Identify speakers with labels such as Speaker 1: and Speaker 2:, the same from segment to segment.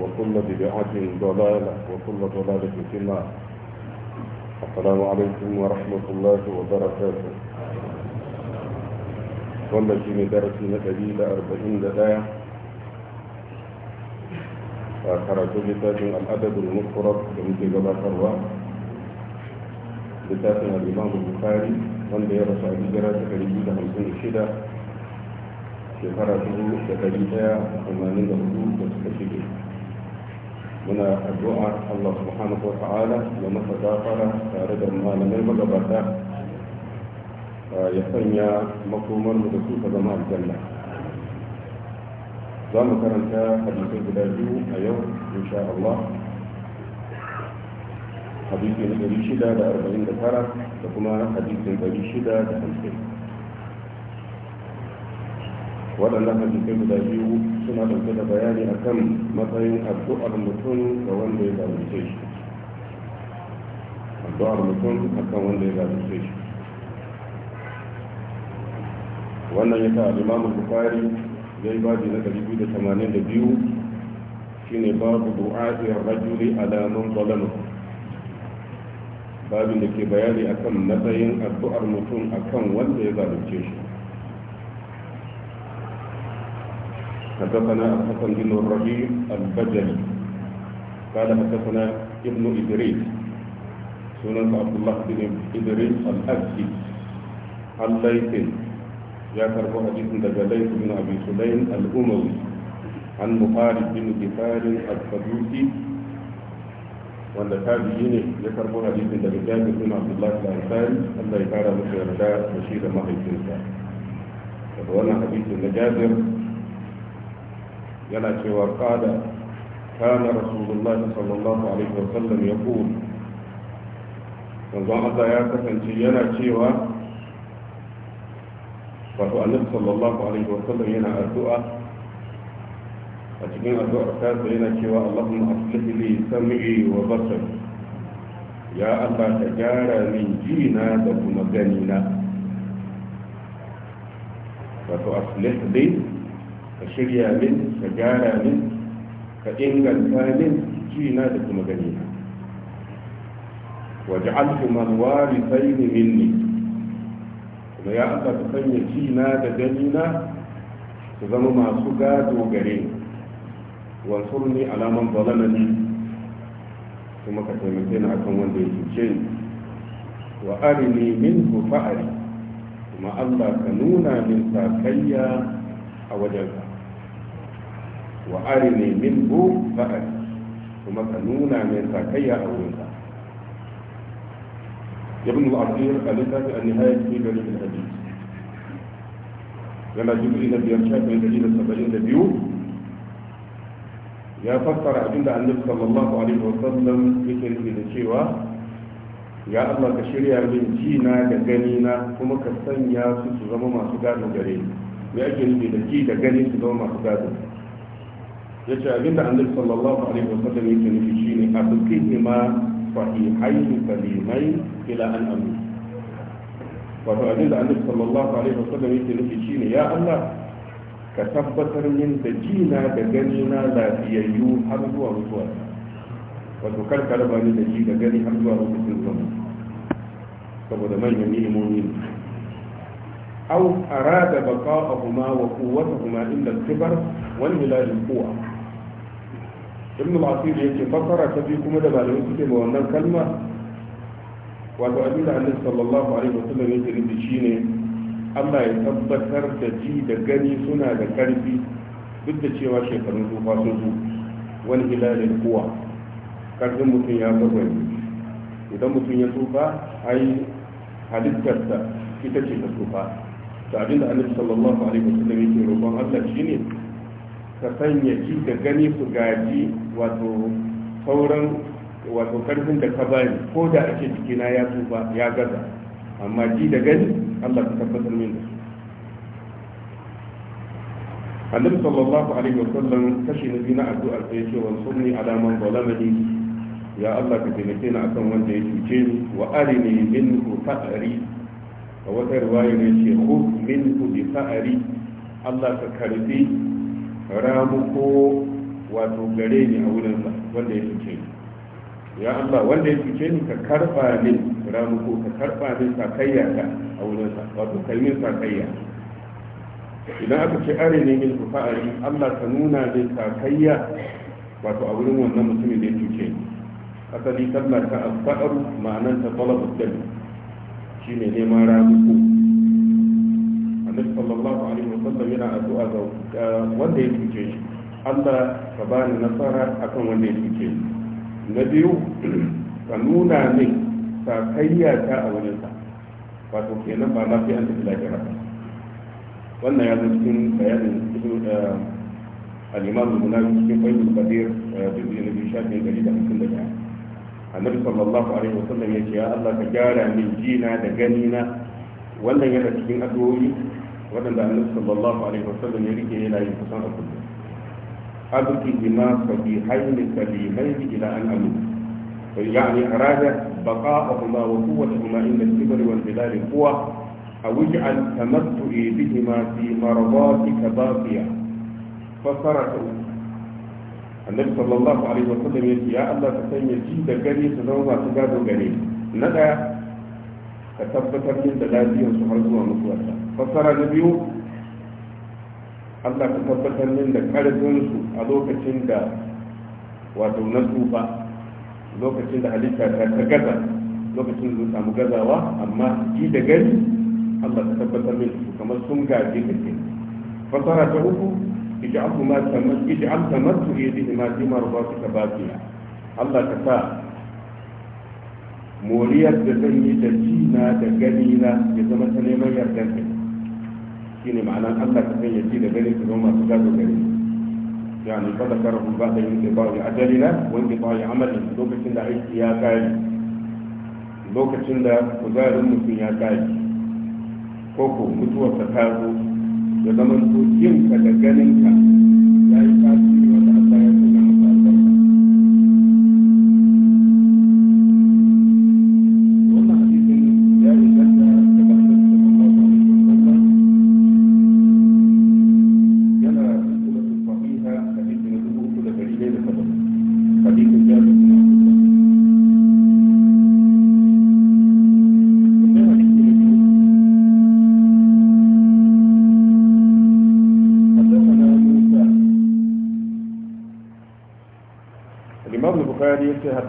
Speaker 1: وكل ببعض ضلالة وكل ضلالة في النار السلام عليكم ورحمة الله وبركاته كل جيم درسنا قليل أربعين دلاء آخر جلتا الأدب المفرد من جلال فروا لتاتنا الإمام البخاري من بيرا شعبي جرات قليل من شدة شهرته تقليدها ثمانين رسول تسكشفه muna addu'a Allah subhanahu wa ta'ala ya masa gafara tare da malamai magabata ya sanya makomar mu da su ta zama aljanna za mu karanta hadisai guda biyu a yau insha Allah hadisi na 649 da kuma hadisin 650 waɗannan hadisai guda biyu suna ɗauke da bayani akan matsayin addu'ar mutum ga wanda ya zalunce shi addu'ar mutum kan wanda ya zalunce shi wannan ya sa al-imam bukhari da babi na 282 shine babu du'a'i ar-rajuli ala man zalama babin da ke bayani akan matsayin addu'ar mutum akan wanda ya zalunce shi حدثنا الحسن بن الربيع البجلي قال حدثنا ابن ادريس سنن عبد الله بن ادريس الاكسي عن ليث ذكر حديث لدى ليث بن ابي سليم الاموي عن مخالف بن كفار الفدوسي والتابعين ذكر حديث لدى جابر بن عبد الله بن الانصاري الذي كان مشير مشير مخيف الانسان. وانا حديث لجابر yana cewa qala kana rasulullah sallallahu alaihi wa wasallam yaqul manzon Allah ya kasance yana cewa wato annabi sallallahu alaihi wa sallam yana addu'a a cikin addu'ar ta yana cewa Allahumma aslih li sam'i wa basari ya Allah ka gyara min jina da kuma ganina wato aslih li ka shirya min ka gyara min ka inganta min cina da kuma gani waje alfiman wari sai ne. minni kuma ya aka su sanya cina da gani na su zama masu gado gare ni ne alaman balanani kuma ka taimake ni akan wanda ya cuce ni wa arini minhu fa'ari kuma Allah ka nuna min sakayya a wajenka wa arini bu fa'ad kuma ka nuna min sakayya a wurinka ibn al aqir al-littafi an-nihayat fi dalil al-hadith yana jibri na biyar shafin dalil saba'in da biyu ya fassara abinda annabi sallallahu alaihi wa sallam yake nufi da cewa ya Allah ka shirya min ji na da gani na kuma ka sanya su su zama masu gado gare ni me ake nufi da ji da gani su zama masu gado ya ce abin da annabi sallallahu alaihi wa sallam yake nufi shine a dukkan ima sahihai kalimai ila an amu wato abin da annabi sallallahu alaihi wa sallam yake nufi shine ya Allah ka tabbatar min da jina da ganina lafiyayyu har zuwa mutuwa wato kar ka raba ni da ji da gani har zuwa lokacin zama saboda manyan ni'imomi ne أو أراد بقاءهما وقوتهما إلا الكبر والملال القوة ibn al-asir yake fassara ta biyu kuma da malamai suke ma wannan kalma wato abin da annabi sallallahu alaihi wasallam yake nufi shine Allah ya tabbatar da ji da gani suna da karfi duk da cewa shekarun tsufa sun zo wani hilalin kuwa karfin mutum ya gabani idan mutum ya tsufa ai halittarsa ita ce ta tsufa to abin da annabi sallallahu alaihi wasallam yake roƙon Allah shine ka sanya ji da gani su gaji wato sauran wato karfin da ka bani ko da ake jikina ya tuba ya gaza amma ji da gani allah ka tabbatar min da su annabi sallallahu alaihi wa sallam kashi na biyu na addu'ar sai ce wal sunni ala man zalamani ya allah ka taimake ni akan wanda ya cuce ni wa arini minhu fa'ari a wata riwaya ne ce khudh minhu bi fa'ari allah ka karbi ramuko wato gare ni a wurinsa wanda ya fice ni ya Allah wanda ya fice ni ka karba min ramuko ka karba min sakayya ta a wurinsa wato kai min sakayya idan aka ce are ne min fa'ari Allah ka nuna min sakayya wato a wurin wannan mutumin da ya fice ni asali sallah ta al ma'anar ta talabu dal shine neman ramuko annabi sallallahu alaihi wasallam yana addu'a ga wanda ya cuce shi Allah ka bani nasara akan wanda ya cuce shi na biyu ka nuna min sakayya ta a wajen sa wato kenan ba ma sai an tafi lafiya wannan ya zo cikin bayanin ibn al-imam al-munawi cikin fayyul qadir da bin nabi shafi gari da mutum da ya annabi sallallahu alaihi wasallam ya ce ya Allah ka gyara min jina da ganina wannan yana cikin addu'o'i waɗanda annabi sallallahu alaihi wasallam ya rike yana yin kusan a kullum abki bima sabihain kalimain ila an amu يعني أراد بقاءهما وقوتهما عند الكبر والبلاد قوة أو اجعل تمتعي بهما في مرضاتك باقية فصرفوا النبي صلى الله عليه وسلم يقول يا الله تسمي جيد غني تزوما تجادو غني ندى ka tabbatar min da lafiyarsu har zuwa mutuwarsa fassara na biyu allah ka tabbatar min da ƙarfinsu a lokacin da wato na tsufa lokacin da halitta ta ta gaza lokacin da samu gazawa amma ji da gani allah ka tabbatar min su kamar sun gaje ka ce fassara ta uku masu ij'al tamattu yadihima fi mardatika baqiya allah ka sa moriyar da zan yi da ji na da gani na ya zama ta neman yardar ka shi ne ma'ana allah ka sanya ji da gani su zama masu gado gari yani fada karahu ba da yin da ba ya ajalina wanda ba ya amalin lokacin da aiki ya kare lokacin da kuzarin mutum ya kare ko ko mutuwarsa ta zo ya zama to jinka da ganin ganinka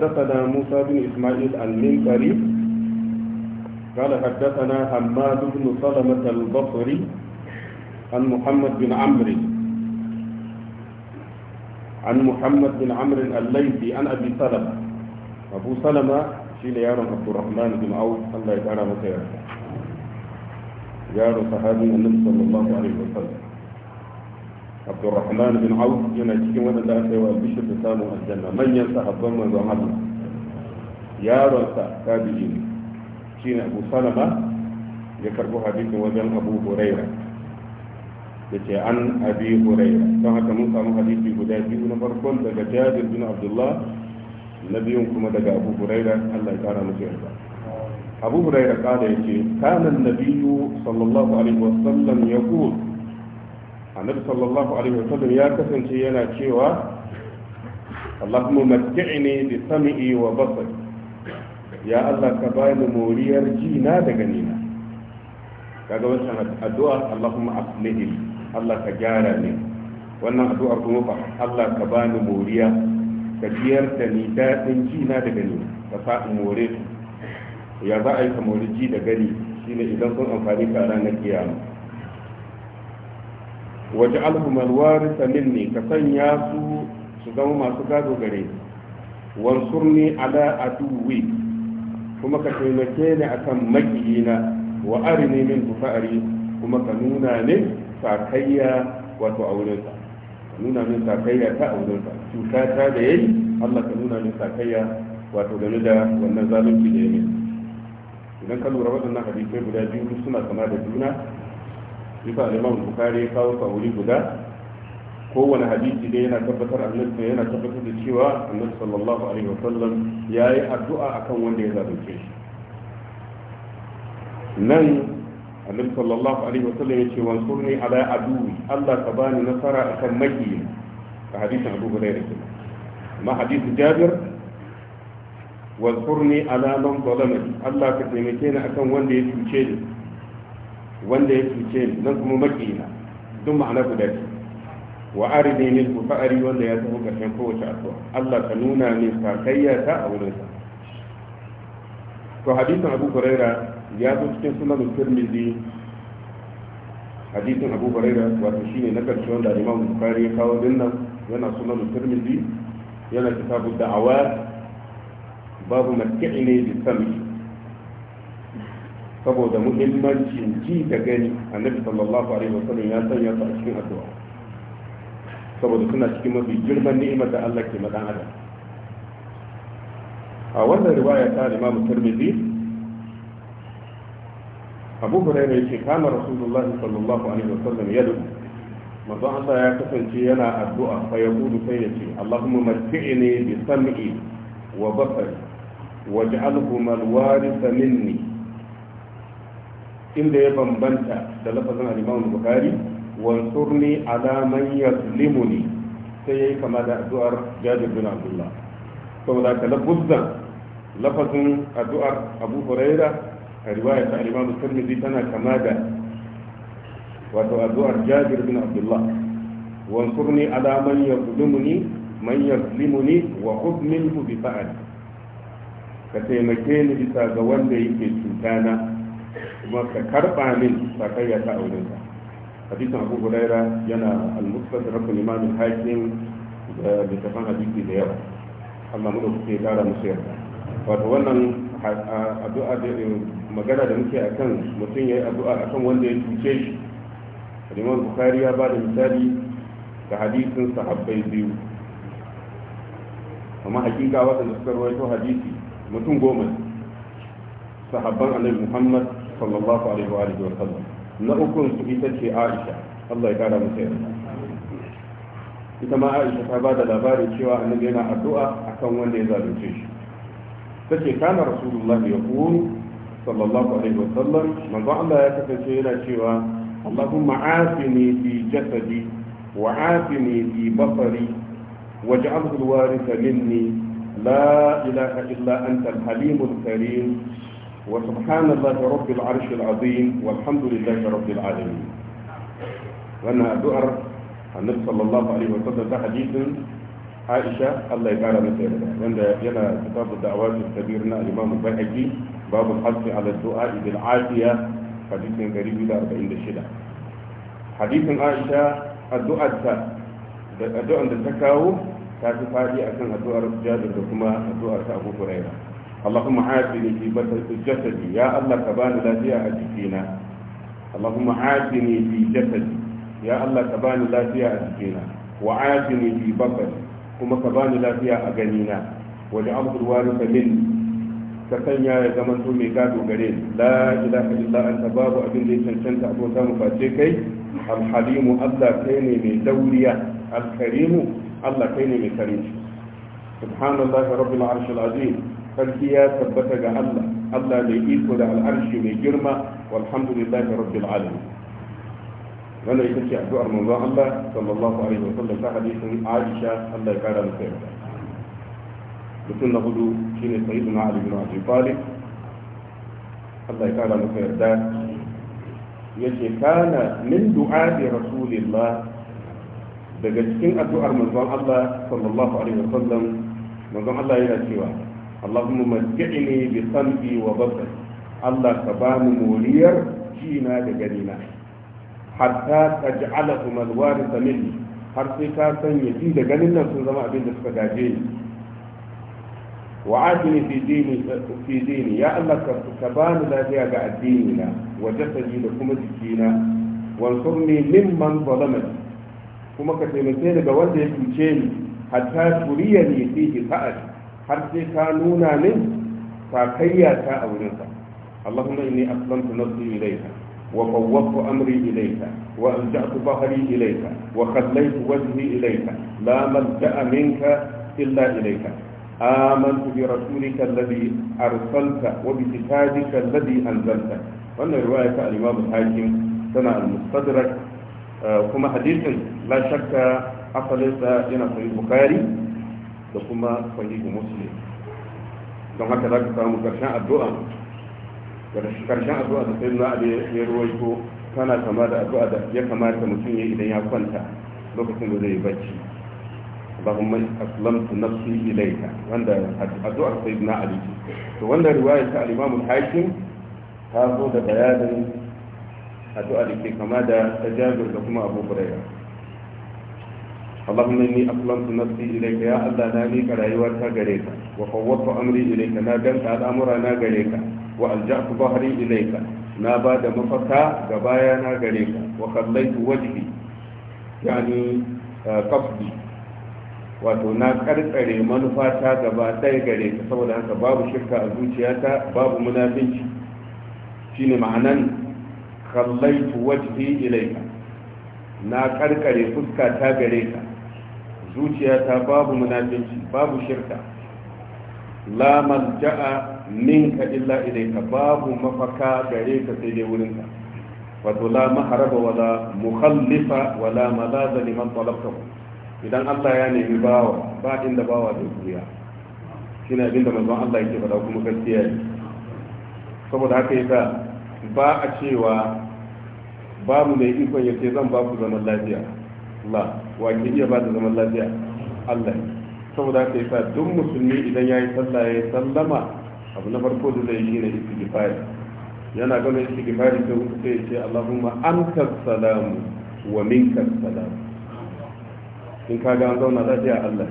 Speaker 1: حدثنا موسى بن إسماعيل المنكري قال حدثنا حماد بن سلمة البصري عن محمد بن عمرو عن محمد بن عمرو الليثي عن أبي سلمة أبو سلمة شيل يارم عبد الرحمن بن عوف الله يتعالى مسيرته يارم صحابي النبي صلى الله عليه وسلم abdurrahman bin auf yana cikin waɗanda aka yi wa albishir da samun aljanna manyan sahabban manzon allah yaronsa tabi'i ne shine abu salama ya karbo hadisin wajen abu huraira da ce an abi huraira don haka mun samu hadisi guda biyu na farkon daga jabir bin abdullah na biyun kuma daga abu huraira allah ya kara musu yarda abu huraira kala ya ce kanan nabiyu sallallahu alaihi wasallam ya kuma annabi sallallahu alaihi wa sallam ya kasance yana cewa Allahumma matti'ni bi sam'i wa basari ya Allah ka bani moriyar jina da ganina kaga wannan addu'a Allahumma aslih Allah ka gyara ni wannan addu'ar kuma fa Allah ka bani moriya ka biyar da ni dadin jina da ganina ka sa in more ya za a yi ka mori ji da gani shine idan sun amfani ka ranar kiyama waje alhumar salin ne ka sanya su su zama masu gado gare wansurni ala aduwi kuma ka taimake ni akan makiyina wa ne min tufa'ari kuma ka nuna ne sakayya wato aurensa ka nuna min sakayya ta aurensa cuta ta da yayi Allah ka nuna min sakayya wato game da wannan zalunci da yayi idan ka lura waɗannan hadisai guda biyu suna sama da juna bisa liman bukari ya kawo sa wuri guda kowane hadisi dai yana tabbatar annabi yana tabbatar da cewa annabi sallallahu alaihi wa sallam ya yi addu'a akan wanda ya zalunce shi nan annabi sallallahu alaihi wa sallam ya ce wansurni ala aduwi Allah ka bani nasara akan makiyi a hadisin Abu Hurairah ma hadisi Jabir wansurni ala man zalamani Allah ka taimake ni akan wanda ya cuce ni wanda ya cuce ni nan kuma makina duk ma'ana guda ce wa arini min fa'ari wanda ya tafi karshen kowace addu'a Allah ka nuna min sakayya ta a wurin sa to hadisin Abu Huraira ya zo cikin sunan Tirmidhi hadisin Abu Huraira wato shine na karshe wanda Imam Bukhari ya kawo nan yana sunan Tirmidhi yana kitabu da'awat babu matki'ni bi sam'i saboda muhimmancin ji da gani annabi sallallahu alaihi wasallam ya sanya su a cikin addu'a saboda suna cikin mafi girman ni'imar da Allah ke madan adam a wannan riwaya ta Imam Tirmidhi Abu Hurairah yace kana Rasulullahi sallallahu alaihi wasallam yadu manzo Allah ya kasance yana addu'a fa yaqulu sai yace Allahumma matti'ni bi sam'i wa basari waj'alhu mal warisa minni inda ya bambanta da lafazin al-Imam Bukhari wansurni ala man yazlimuni sai ya yi kama da addu'ar Jabir bin Abdullah saboda ka labuzzan lafazin addu'ar Abu Huraira a riwayar ta al-Imam Tirmidhi tana kama da wato addu'ar Jabir bin Abdullah wansurni ala man yazlimuni man yazlimuni wa khudh minhu bi fa'ali ka taimake ni bisa ga wanda yake cutana kuma ka karba min sakayya ta auren ka hadisin abu huraira yana al-musnad rakun imamin hakim da littafin hadisi da yawa amma mu da kuke kara musu yarda wato wannan addu'a da eh, magana da muke akan mutum yayi addu'a akan wanda ya cuce shi Imam Bukhari ya ba da misali da hadisin sahabbai biyu amma hakika waɗanda suka rawaito hadisi mutum goma sahabban annabi Muhammad sallallahu alaihi wa alihi wa sallam na ukun su ita ce Aisha Allah ya kara mata yarda ita ma Aisha ta ba da labarin cewa annabi yana addu'a akan wanda ya zalunce shi tace kana rasulullahi yaqulu sallallahu alaihi wa sallam manzo Allah ya kasance yana cewa اللهم عافني في جسدي وعافني في بصري واجعله الوارث مني لا إله إلا أنت الحليم الكريم وسبحان الله رب العرش العظيم والحمد لله رب العالمين وانا دعر النبي صلى الله عليه وسلم ده حديث عائشة الله يبارك مثلا وانا ينا كتاب الدعوات الكبيرنا الإمام البيهقي باب الحث على الدعاء بالعافية حديث قريب إلى 40 شدة حديث عائشة الدعاء الدعاء الدعاء تكاو تاتي فادي أكن الدعاء الرجال وكما الدعاء أبو هريرة اللهم عافني في جسدي يا الله كباني لا فيها أجفينا اللهم عافني في جسدي يا الله لا فيها وعافني في كما لا فيها أغنينا وجعله الوارث مني ya zama to gado gare ni babu abin da ya cancanta abota mu face kai alhalimu Allah kai ne mai dauriya subhanallahi sarki ya tabbata ga Allah Allah mai iko da al'arshi mai girma walhamdulillahi rabbil alamin wannan ita ce addu'ar manzon Allah sallallahu alaihi wa sallam ta hadisin Aisha Allah ya kara masa yarda mutum na hudu shine sayyiduna Ali bin Abi Talib Allah ya kara masa yarda yace kana min du'a rasulillah daga cikin addu'ar manzon Allah sallallahu alaihi wa sallam manzon Allah yana cewa Allahumma matti'ni bi sam'i wa basari Allah ka bani moriyar jina da ganina hatta taj'alahum al-warith minni har sai ka sanya ji da ganin nan sun zama abin da suka gaje ni wa ajini fi dini ya Allah ka ka bani lafiya ga addini na wa jasadi da kuma jikina wansurni mimman zalamani kuma ka taimake daga wanda ya cuce ni hatta ni fihi sa'ati har sai ka nuna min sakayya ta a wurinsa Allahumma inni aslamtu nafsi ilayka wa fawwadtu amri ilayka wa alja'tu bahri ilayka wa khallaytu wajhi ilayka la malja'a illa آمنت برسولك الذي أرسلت وبكتابك الذي أنزلت وأن رواية الإمام الحاكم سنة المستدرك كما حديث لا شك أصل إلى البخاري da kuma sahihu muslim don haka za ka samu karshen addu'a karshen addu'a da sayyidina ali ya ruwaito tana kama da addu'a da ya kamata mutum ya idan ya kwanta lokacin da zai bacci اللهم اسلمت نفسي اليك وند الدعاء سيدنا علي to wanda riwaya ta al-Imam al-Hakim ta zo da bayanin addu'a da ke kama da tajabir da kuma Abu Hurairah اللهم إني أسلمت نفسي إليك يا الله ناني كرايوات غريك وفوضت أمري إليك نا جنت الأمر نا غريك وألجأت ظهري إليك نا بعد مفكا غبايا نا غريك وخليت وجهي يعني قصدي wato na karkare manufata gaba ɗaya gare ta saboda haka babu shirka a zuciyata babu munafinci shine ma'anan kallaitu wajhi ilaika? na karkare fuska ta gare ka zuciyata babu munafiki babu shirka la malja'a minka illa ilayka babu mafaka gare ka sai dai wurin ka. wato la maharaba wala mukhallifa wala malaza liman talabta idan Allah ya nemi bawa ba inda bawa zai kuya shine abinda manzon Allah yake faɗa kuma gaskiya ne saboda haka yasa ba a cewa babu mai ikon yace zan ba ku zaman lafiya la wa ke iya ba da zaman lafiya Allah saboda haka yasa duk musulmi idan yayi sallah yayi sallama abu na farko da zai yi ne istighfari yana gama istighfari sai kuma sai ce Allahumma anka salamu wa minka salamu in ka ga an zauna lafiya Allah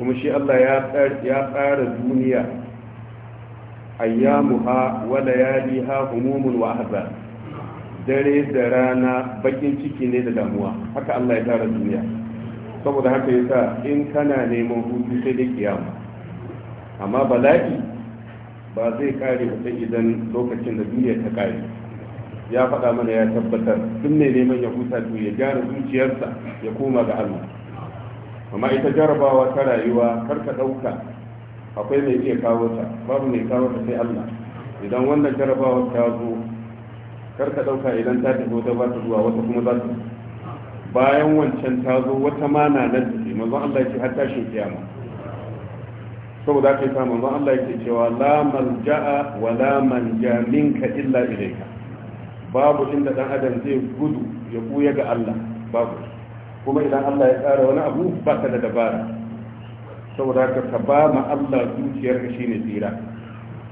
Speaker 1: kuma shi Allah ya ya tsara duniya ayyamuha wa layaliha humumun wa ahzan dare da rana bakin ciki ne da damuwa haka Allah ya tara duniya saboda haka ya sa in kana neman hutu sai da kiyama amma bala'i ba zai kare ba sai idan lokacin da duniya ta kare ya faɗa mana ya tabbatar tun ne neman ya huta to ya gyara zuciyarsa ya koma ga Allah amma ita jarabawa ta rayuwa kar ka ɗauka akwai mai iya kawo ta babu mai kawo ta sai Allah idan wannan jarabawa ta zo kar ka ɗauka idan ta tafi wata ba ta zuwa wata kuma za ta bayan wancan ta zo wata ma na nan tafi manzon Allah yake har tashin kiyama saboda haka yasa manzon Allah yake cewa la malja'a wa la manja minka illa ilayka babu inda dan adam zai gudu ya buya ga Allah babu kuma idan Allah ya tsara wani abu ba ka da dabara saboda haka ka ba ma Allah zuciyarka shine tsira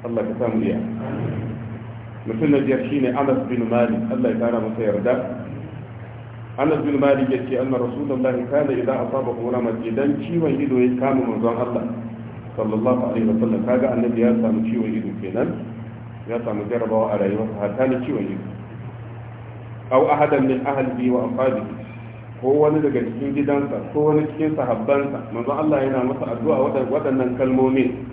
Speaker 1: Allah ka samu iya mutum na biyar shine anas bin malik allah ya tara masa yarda anas bin malik ya ce anna rasulullah kana idan asaba qurama idan ciwon ido ya kama manzon allah sallallahu alaihi wa wasallam kaga annabi ya samu ciwon ido kenan ya samu jarabawa a rayuwarsa har ta ciwon ido aw ahadan min ahlihi wa ashabihi ko wani daga cikin gidansa ko wani cikin sahabbansa manzon Allah yana masa addu'a waɗannan kalmomin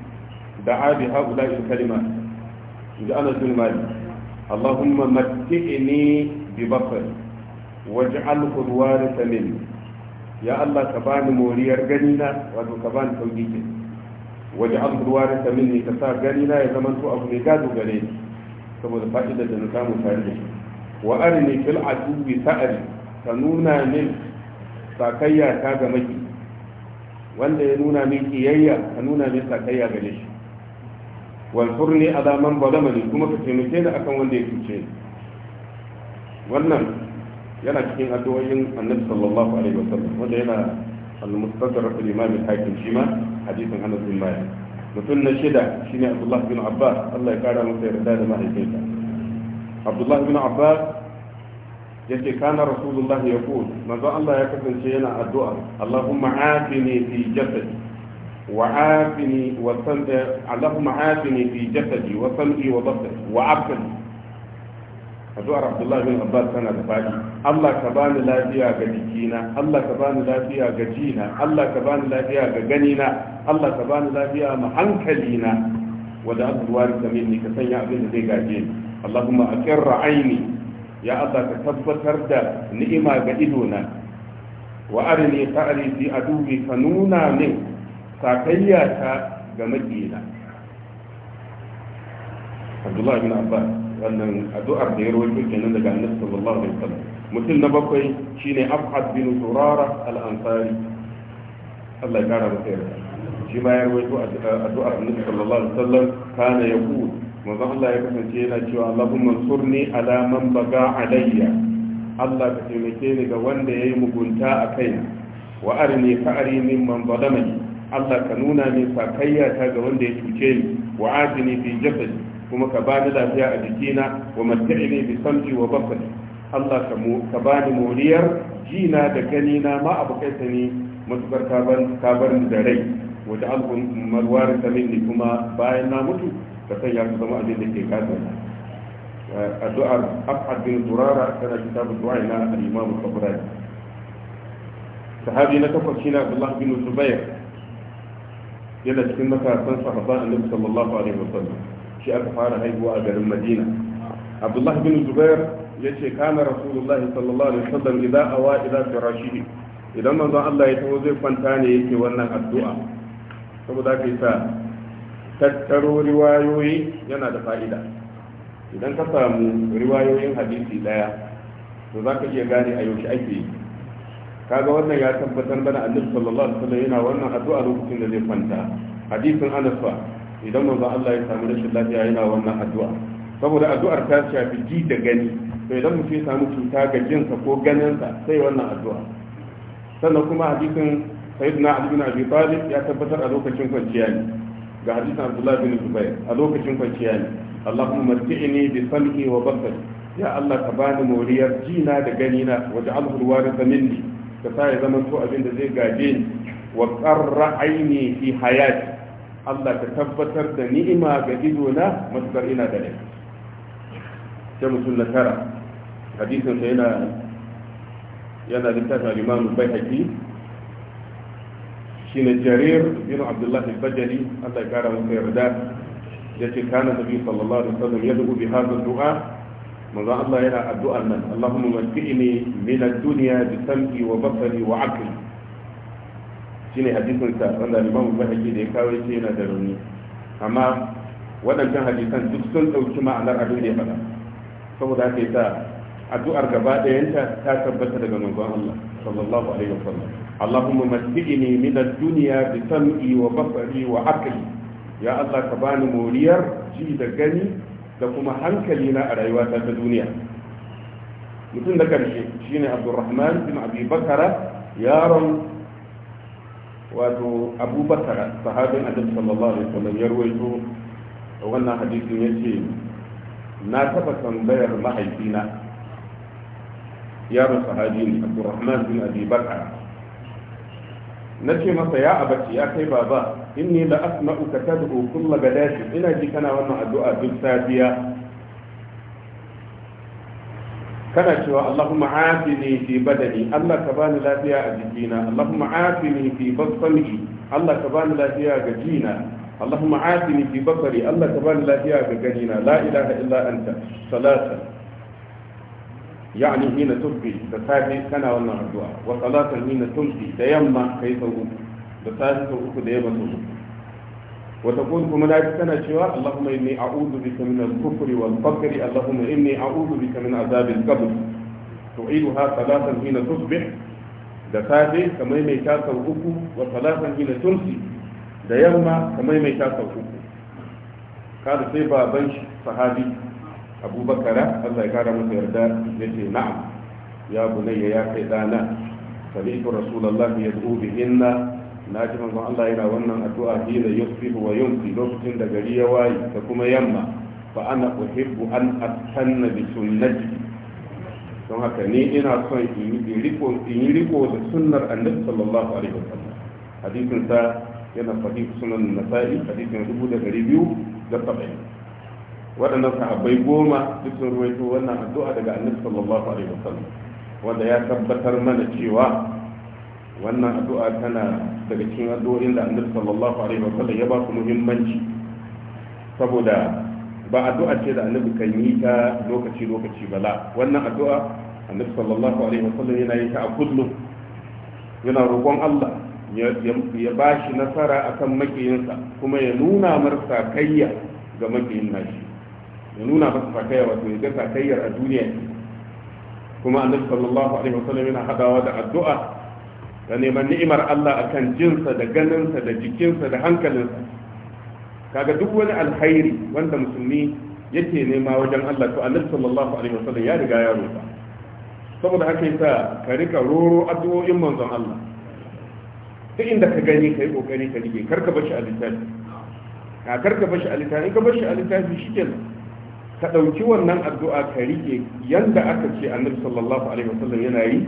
Speaker 1: da abi haula il kalima da ana bin mali اللهم متعني ببصري واجعله الوارث مني يا الله كبان موريار غنينا وادو كبان توجيكي واجعله الوارث مني كسا غنينا يا زمان تو ابو نيغادو غنيني saboda fa'ida da na samu tare da shi wa arini fil adubi sa'ari ka nuna min sakayya ga maki wanda ya nuna min ka nuna min sakayya gare walfurni a zaman balamani kuma ka taimake ni akan wanda ya cuce wannan yana cikin addu'o'in annabi sallallahu alaihi wasallam wanda yana al-mustadrak al-imam hakim shi ma hadisin Anas bin Malik mutum na shida shine Abdullah bin Abbas Allah ya kara masa yarda da mahaifinsa Abdullah bin Abbas yace kana rasulullah yaqul manzo Allah ya kasance yana addu'a Allahumma afini fi jasadi وعافني وصل اللهم عافني في جسدي وصلبي وبصري وعقلي addu'ar abdullahi tana da faɗi allah ka bani lafiya ga jikina allah ka bani lafiya ga jina allah ka bani lafiya ga ganina allah ka bani lafiya ma hankalina wanda aka ruwa da ka sanya abin da zai gaje ni allahumma aqirra ya allah ka tabbatar da ni'ima ga idona wa arini fa'ali a aduwi ka sakayya ta ga madina abdullahi bin abbas wannan addu'ar da ya rawaito kenan daga annabi sallallahu alaihi wasallam mutum na bakwai shine abhad bin zurara al-ansari Allah ya kara masa yarda shi ma ya rawaito addu'ar annabi sallallahu alaihi wasallam kana yaqul manzo Allah ya kasance yana cewa Allahumma surni ala man baga alayya Allah ka taimake ni ga wanda yayi mugunta a kaina wa arni fa'ari mimman zalamani Allah ka nuna min sakayya ta ga wanda ya cuce ni wa afini fi jasadi kuma ka bani lafiya a jikina wa mata'ini bi sam'i wa basari Allah ka bani moriyar jina da ganina ma abu kai sani matukar ka bar ni da rai wata alkun marwar samin ne kuma bayan na mutu ka sanya su zama abin da ke kasana addu'ar af'ad bin turara tana kitabu du'a ina al-imam al-qabrani sahabi na takwas shine Abdullah bin Zubair yana cikin matasan sahabban annabi sallallahu alaihi wasallam shi aka fara haihuwa a garin madina abdullahi bin zubair ya ce kana rasulullahi sallallahu alaihi wasallam idan awa idan firashihi idan manzon Allah ya taho zai kwanta ne yake wannan addu'a saboda haka yasa tattaro riwayoyi yana da fa'ida idan ka samu riwayoyin hadisi daya to ka iya gane a yaushe ake yi kaga wannan ya tabbatar mana annabi sallallahu alaihi wasallam yana wannan addu'a lokacin da zai kwanta hadisin Anas fa idan manzo Allah ya samu rashin lafiya yana wannan addu'a saboda addu'ar ta shafi ji da gani to idan mutum ya samu cuta ga jinsa ko ganinsa sai wannan addu'a sannan kuma hadisin sayyidina Ali bin Abi Talib ya tabbatar a lokacin kwanciya ne ga hadisin Abdullah bin Zubair a lokacin kwanciya ne Allahumma matti'ni bi sam'i wa basari ya Allah ka bani moriyar jina da ganina waj'alhu al-waritha minni ka sa ya zama to abin da zai gaje ni wa qarra aini fi hayati Allah ka tabbatar da ni'ima ga idona matukar ina da rai sai mutum na tara hadisin sa yana yana littafin al-Imam Baihaqi shine Jarir bin Abdullah al-Bajali Allah ya kara masa yarda yace kana Nabi sallallahu alaihi wasallam yadu bi hadha du'a manzo Allah yana addu'ar nan Allahumma matti'ni min ad-dunya bi sam'i wa basari wa aqli shine hadisin sa wanda Imam Bukhari da ya kawo shi yana da rauni amma waɗancan hadisan duk sun ɗauki ma'anar abin da ya faɗa saboda haka yasa addu'ar gaba ɗayanta ta tabbata daga manzon Allah sallallahu alaihi wasallam Allahumma matti'ni min ad-dunya bi sam'i wa basari wa aqli ya Allah ka bani moriyar ji da gani da kuma hankali na a rayuwata ta duniya mutum da karshe shine Abdulrahman bin abi bakara yaron wato abubakar sahabin annabi sallallahu alaihi wasallam ya ruwaito wannan hadisin yace na taba tambayar mahaifina yaron sahabin Abdulrahman bin abi bakara na ce masa ya abaci ya kai baba inni la asma'u ka tad'u kulla gadati ina ji kana wannan addu'a duk safiya kana cewa Allahumma afini fi badani Allah ka bani lafiya a jikina Allahumma afini fi basami Allah ka bani lafiya ga jina Allahumma afini fi basari Allah ka bani lafiya ga ganina la ilaha illa anta salatan يعني حين تبدي تسافي كان وانا الدعاء وصلاة حين تمشي تيمم كي تقوم تسافي تقوم ديما تقوم وتقول كما لا تكن شواء اللهم إني أعوذ بك من الكفر والفقر اللهم إني أعوذ بك من عذاب القبر تعيدها ثلاثا حين تصبح تسافي كما يميتا تقوم وصلاة حين تمشي تيمم كما يميتا تقوم قال سيبا بنش صحابي abubakara allah ya kara masa yarda ya ce na'am ya bunayya ya kai dana sami'tu rasulullah yad'u bihinna na ji manzon allah yana wannan addu'a hina yusbihu wa yumsi lokacin da gari ya waye da kuma yamma fa ana uhibbu an astanna bi sunnati don haka ni ina son in yi riko da sunnar annabi sallallahu alaihi wasallam hadisin sa yana sahih sunan nasa'i hadisin 2270 waɗannan sahabbai goma duk sun ruwaito wannan addu'a daga annabi sallallahu alaihi wasallam wanda ya tabbatar mana cewa wannan addu'a tana daga cikin addu'o'in da annabi sallallahu alaihi wasallam ya ba su muhimmanci saboda ba addu'a ce da annabi kan yi ta lokaci lokaci ba la, wannan addu'a annabi sallallahu alaihi wasallam yana yi ta a kullum yana roƙon Allah ya ba shi nasara akan makiyinsa kuma ya nuna marsa kayya ga makiyin nashi ya nuna masa sakayya wato ya ga sakayyar a duniya kuma annabi sallallahu alaihi wasallam yana hadawa da addu'a da neman ni'imar Allah akan jinsa da ganinsa da jikinsa da hankalinsa kaga duk wani alkhairi wanda musulmi yake nema wajen Allah to annabi sallallahu alaihi wasallam ya riga ya roƙa saboda haka yasa ka rika roro addu'o'in manzon Allah duk inda ka gani kai kokari ka rike karka bashi a littafi ka karka bashi a littafi in ka bashi a littafi shikenan ka ɗauki wannan addu'a ka rike yanda aka ce annabi sallallahu alaihi wasallam yana yi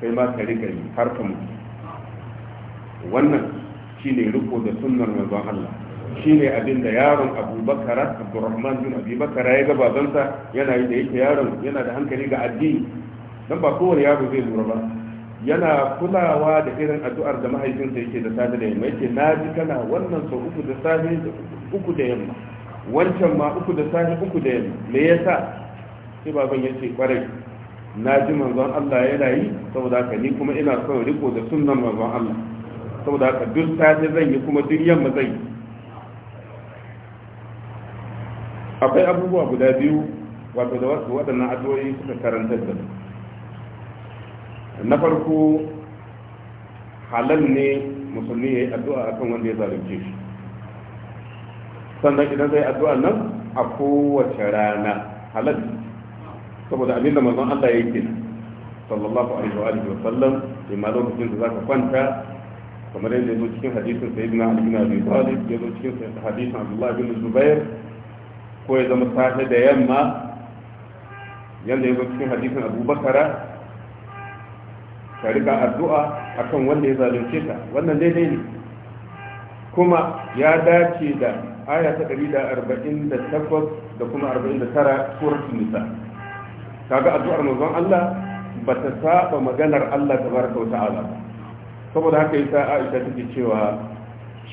Speaker 1: kai ma ka rike yi har ka mutu wannan shine riko da sunnar manzon Allah shine abin da yaron Abubakar Abdurrahman bin Abi Bakar ya ga babansa yana yi da yake yaron yana da hankali ga addini dan ba kowane yaro zai lura ba yana kulawa da irin addu'ar da mahaifinsa yake da safe da yamma yake na ji kana wannan sau uku da safe uku da yamma wancan ma uku da sahi uku da yamma me yasa sai baban ya ce kwarai na ji manzon Allah yana yi saboda haka ni kuma ina son riko da sunnan manzon Allah saboda haka duk safe zan yi kuma duk yamma zan yi akwai abubuwa guda biyu wato da wasu waɗannan addu'o'i suka karanta da na farko halal ne musulmi ya yi addu'a akan wanda ya zalunce shi sannan idan zai addu'a nan a kowace rana halal saboda abinda manzon Allah ya yi sallallahu alaihi wa alihi wa sallam ma lokacin da zaka kwanta kamar yadda yazo cikin hadisin sayyidina Ali bin Abi Talib yazo cikin hadisin Abdullah bin Zubair ko ya zama safe da yamma yadda yazo cikin hadisin Abu Bakara ka rika addu'a akan wanda ya zalunce ka wannan daidai ne kuma ya dace da aya ta 148 da kuma 49 suratul nisa kaga addu'ar manzon Allah bata saba maganar Allah tabaraka wa ta'ala saboda haka yasa Aisha take cewa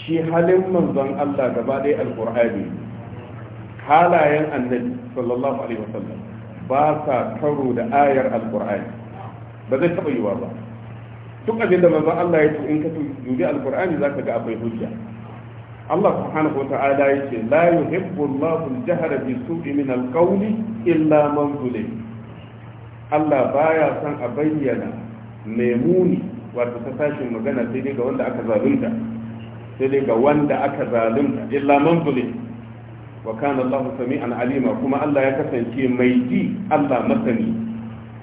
Speaker 1: shi halin manzon Allah gaba ɗaya alqur'ani halayen annabi sallallahu alaihi wasallam ba sa karo da ayar alqur'ani ba zai taba yiwa ba duk abin da manzon Allah ya ce in ka dubi alqur'ani zaka ga akwai hujja Allah subhanahu wa ta'ala yace la yuhibbu Allahu al-jahra bi su'i min al-qawli illa man zulim Allah baya son a bayyana mai muni wato ta sashin magana sai dai ga wanda aka zalunta sai dai ga wanda aka zalunta illa man zulim wa kana Allah sami'an alima kuma Allah ya kasance mai ji Allah masani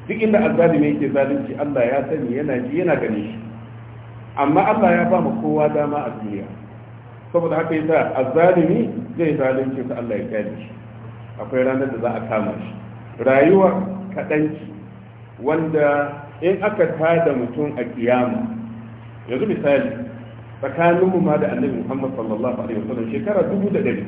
Speaker 1: duk inda azzalimi yake zalunci Allah ya sani yana ji yana gani shi amma Allah ya ba mu kowa dama a duniya saboda haka yasa azzalimi zai zalunci ta Allah ya kyale shi akwai ranar da za a kama shi rayuwa kaɗanci. wanda in aka tada mutum a kiyama yanzu misali tsakanin mu ma da annabi Muhammad sallallahu alaihi wasallam shekara dubu da dari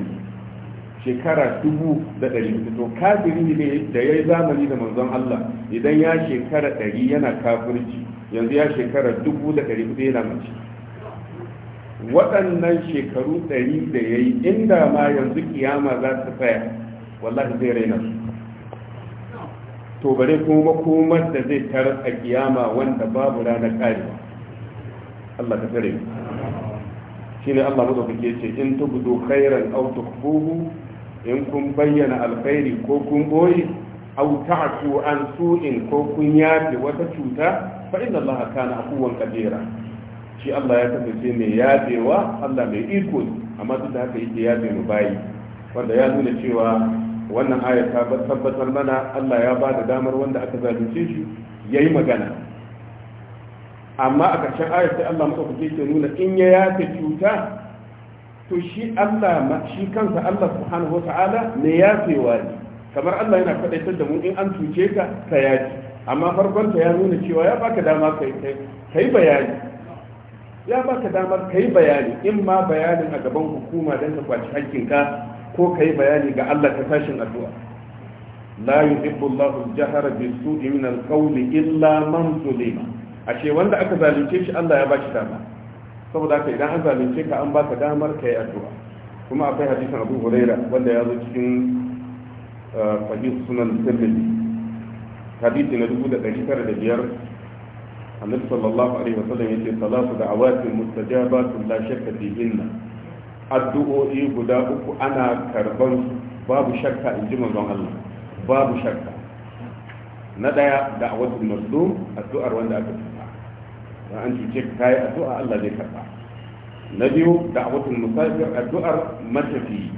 Speaker 1: shekara dubu da dari to kafiri ne da yi zamani da manzon Allah idan ya shekara dari yana kafirci yanzu ya shekara dubu da dari yana mace waɗannan shekaru ɗari da ya yi inda ma yanzu kiyama za ta tsaya wallahi zai raina su to bare kuma makomar da zai tara a kiyama wanda babu ranar karewa Allah ta tare shi ne Allah ke ce in ta tubudu khairan aw tukfuhu in kun bayyana alkhairi ko kun boye aw ta'fu an su'in ko kun yafi wata cuta fa inna Allah kana afuwan kadira shi Allah ya kasance mai yadewa Allah mai iko amma duk da haka yake yabe mu bayi wanda ya nuna cewa wannan ayar ta tabbatar mana Allah ya ba da damar wanda aka zalunce shi yayi magana amma a ƙarshen ayar sai Allah kuke ke nuna in ya yafe cuta to shi Allah shi kansa Allah subhanahu wata'ala ne yafewa ne kamar Allah yana faɗaitar da mu in an cuce ka ka yaji amma farkonta ya nuna cewa ya baka dama kai kai bayani ya baka damar ka yi bayani in ma bayanin a gaban hukuma don ka kwaci hakkinka ko ka yi bayani ga Allah ta fashin addu'a la yuhibbu Allahu jihar bi su'i min al-qawl illa man zulima ashe wanda aka zalunce shi Allah ya bashi dama saboda haka idan an zalunce ka an baka damar ka yi addu'a kuma akwai hadisin Abu Huraira wanda ya zo cikin uh, sahih sunan Tirmidhi hadisi na 1905 annabi sallallahu alaihi wasallam yace salatu da'awatin mustajabatun la shakka fihinna addu'o'i guda uku ana karban babu shakka in ji manzon Allah babu shakka na daya da'awatul mazlum addu'ar wanda aka cuta dan an cuce ka kai addu'a Allah zai karba na biyu da'awatul musafir addu'ar matafi